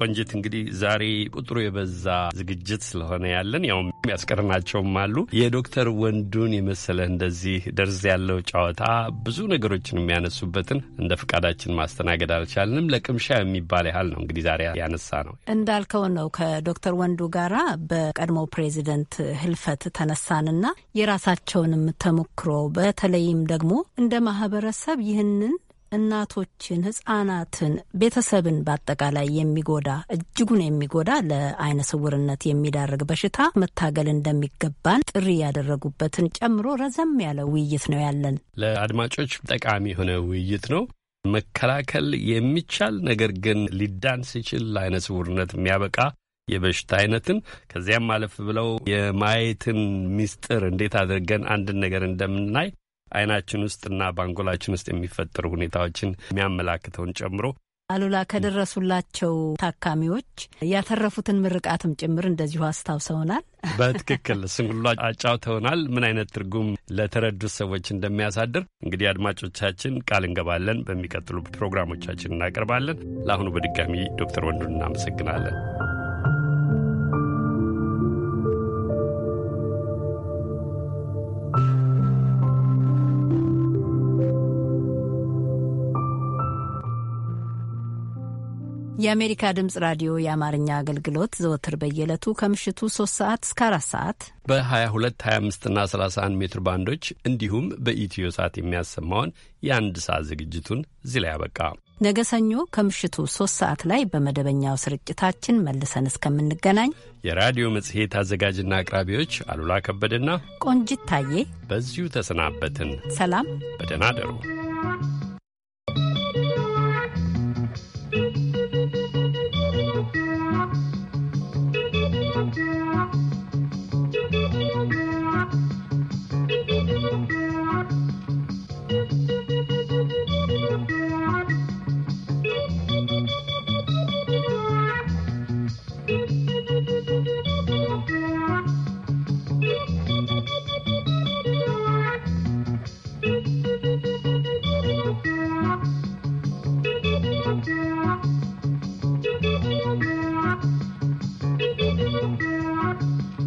ቆንጅት እንግዲህ ዛሬ ቁጥሩ የበዛ ዝግጅት ስለሆነ ያለን ያው ያስቀርናቸውም አሉ። የዶክተር ወንዱን የመሰለ እንደዚህ ደርዝ ያለው ጨዋታ ብዙ ነገሮችን የሚያነሱበትን እንደ ፈቃዳችን ማስተናገድ አልቻልንም። ለቅምሻ የሚባል ያህል ነው እንግዲህ ዛሬ ያነሳ ነው እንዳልከው ነው። ከዶክተር ወንዱ ጋራ በቀድሞ ፕሬዚደንት ህልፈት ተነሳንና የራሳቸውንም ተሞክሮ በተለይም ደግሞ እንደ ማህበረሰብ ይህንን እናቶችን፣ ህጻናትን፣ ቤተሰብን በአጠቃላይ የሚጎዳ እጅጉን የሚጎዳ ለአይነ ስውርነት የሚዳርግ በሽታ መታገል እንደሚገባን ጥሪ ያደረጉበትን ጨምሮ ረዘም ያለ ውይይት ነው ያለን። ለአድማጮች ጠቃሚ የሆነ ውይይት ነው። መከላከል የሚቻል ነገር ግን ሊዳን ሲችል ለአይነ ስውርነት የሚያበቃ የበሽታ አይነትን ከዚያም አለፍ ብለው የማየትን ሚስጥር እንዴት አድርገን አንድን ነገር እንደምናይ አይናችን ውስጥና በአንጎላችን ውስጥ የሚፈጠሩ ሁኔታዎችን የሚያመላክተውን ጨምሮ አሉላ ከደረሱላቸው ታካሚዎች ያተረፉትን ምርቃትም ጭምር እንደዚሁ አስታውሰውናል። በትክክል ስንጉላ አጫውተውናል። ምን አይነት ትርጉም ለተረዱት ሰዎች እንደሚያሳድር እንግዲህ አድማጮቻችን ቃል እንገባለን። በሚቀጥሉ ፕሮግራሞቻችን እናቀርባለን። ለአሁኑ በድጋሚ ዶክተር ወንዱን እናመሰግናለን። የአሜሪካ ድምጽ ራዲዮ የአማርኛ አገልግሎት ዘወትር በየዕለቱ ከምሽቱ 3 ሰዓት እስከ 4 ሰዓት በ22፣ 25ና 31 ሜትር ባንዶች እንዲሁም በኢትዮ ሰዓት የሚያሰማውን የአንድ ሰዓት ዝግጅቱን እዚህ ላይ ያበቃ። ነገ ሰኞ ከምሽቱ 3 ሰዓት ላይ በመደበኛው ስርጭታችን መልሰን እስከምንገናኝ የራዲዮ መጽሔት አዘጋጅና አቅራቢዎች አሉላ ከበደና ቆንጅት ታዬ በዚሁ ተሰናበትን። ሰላም፣ በደህና አደሩ።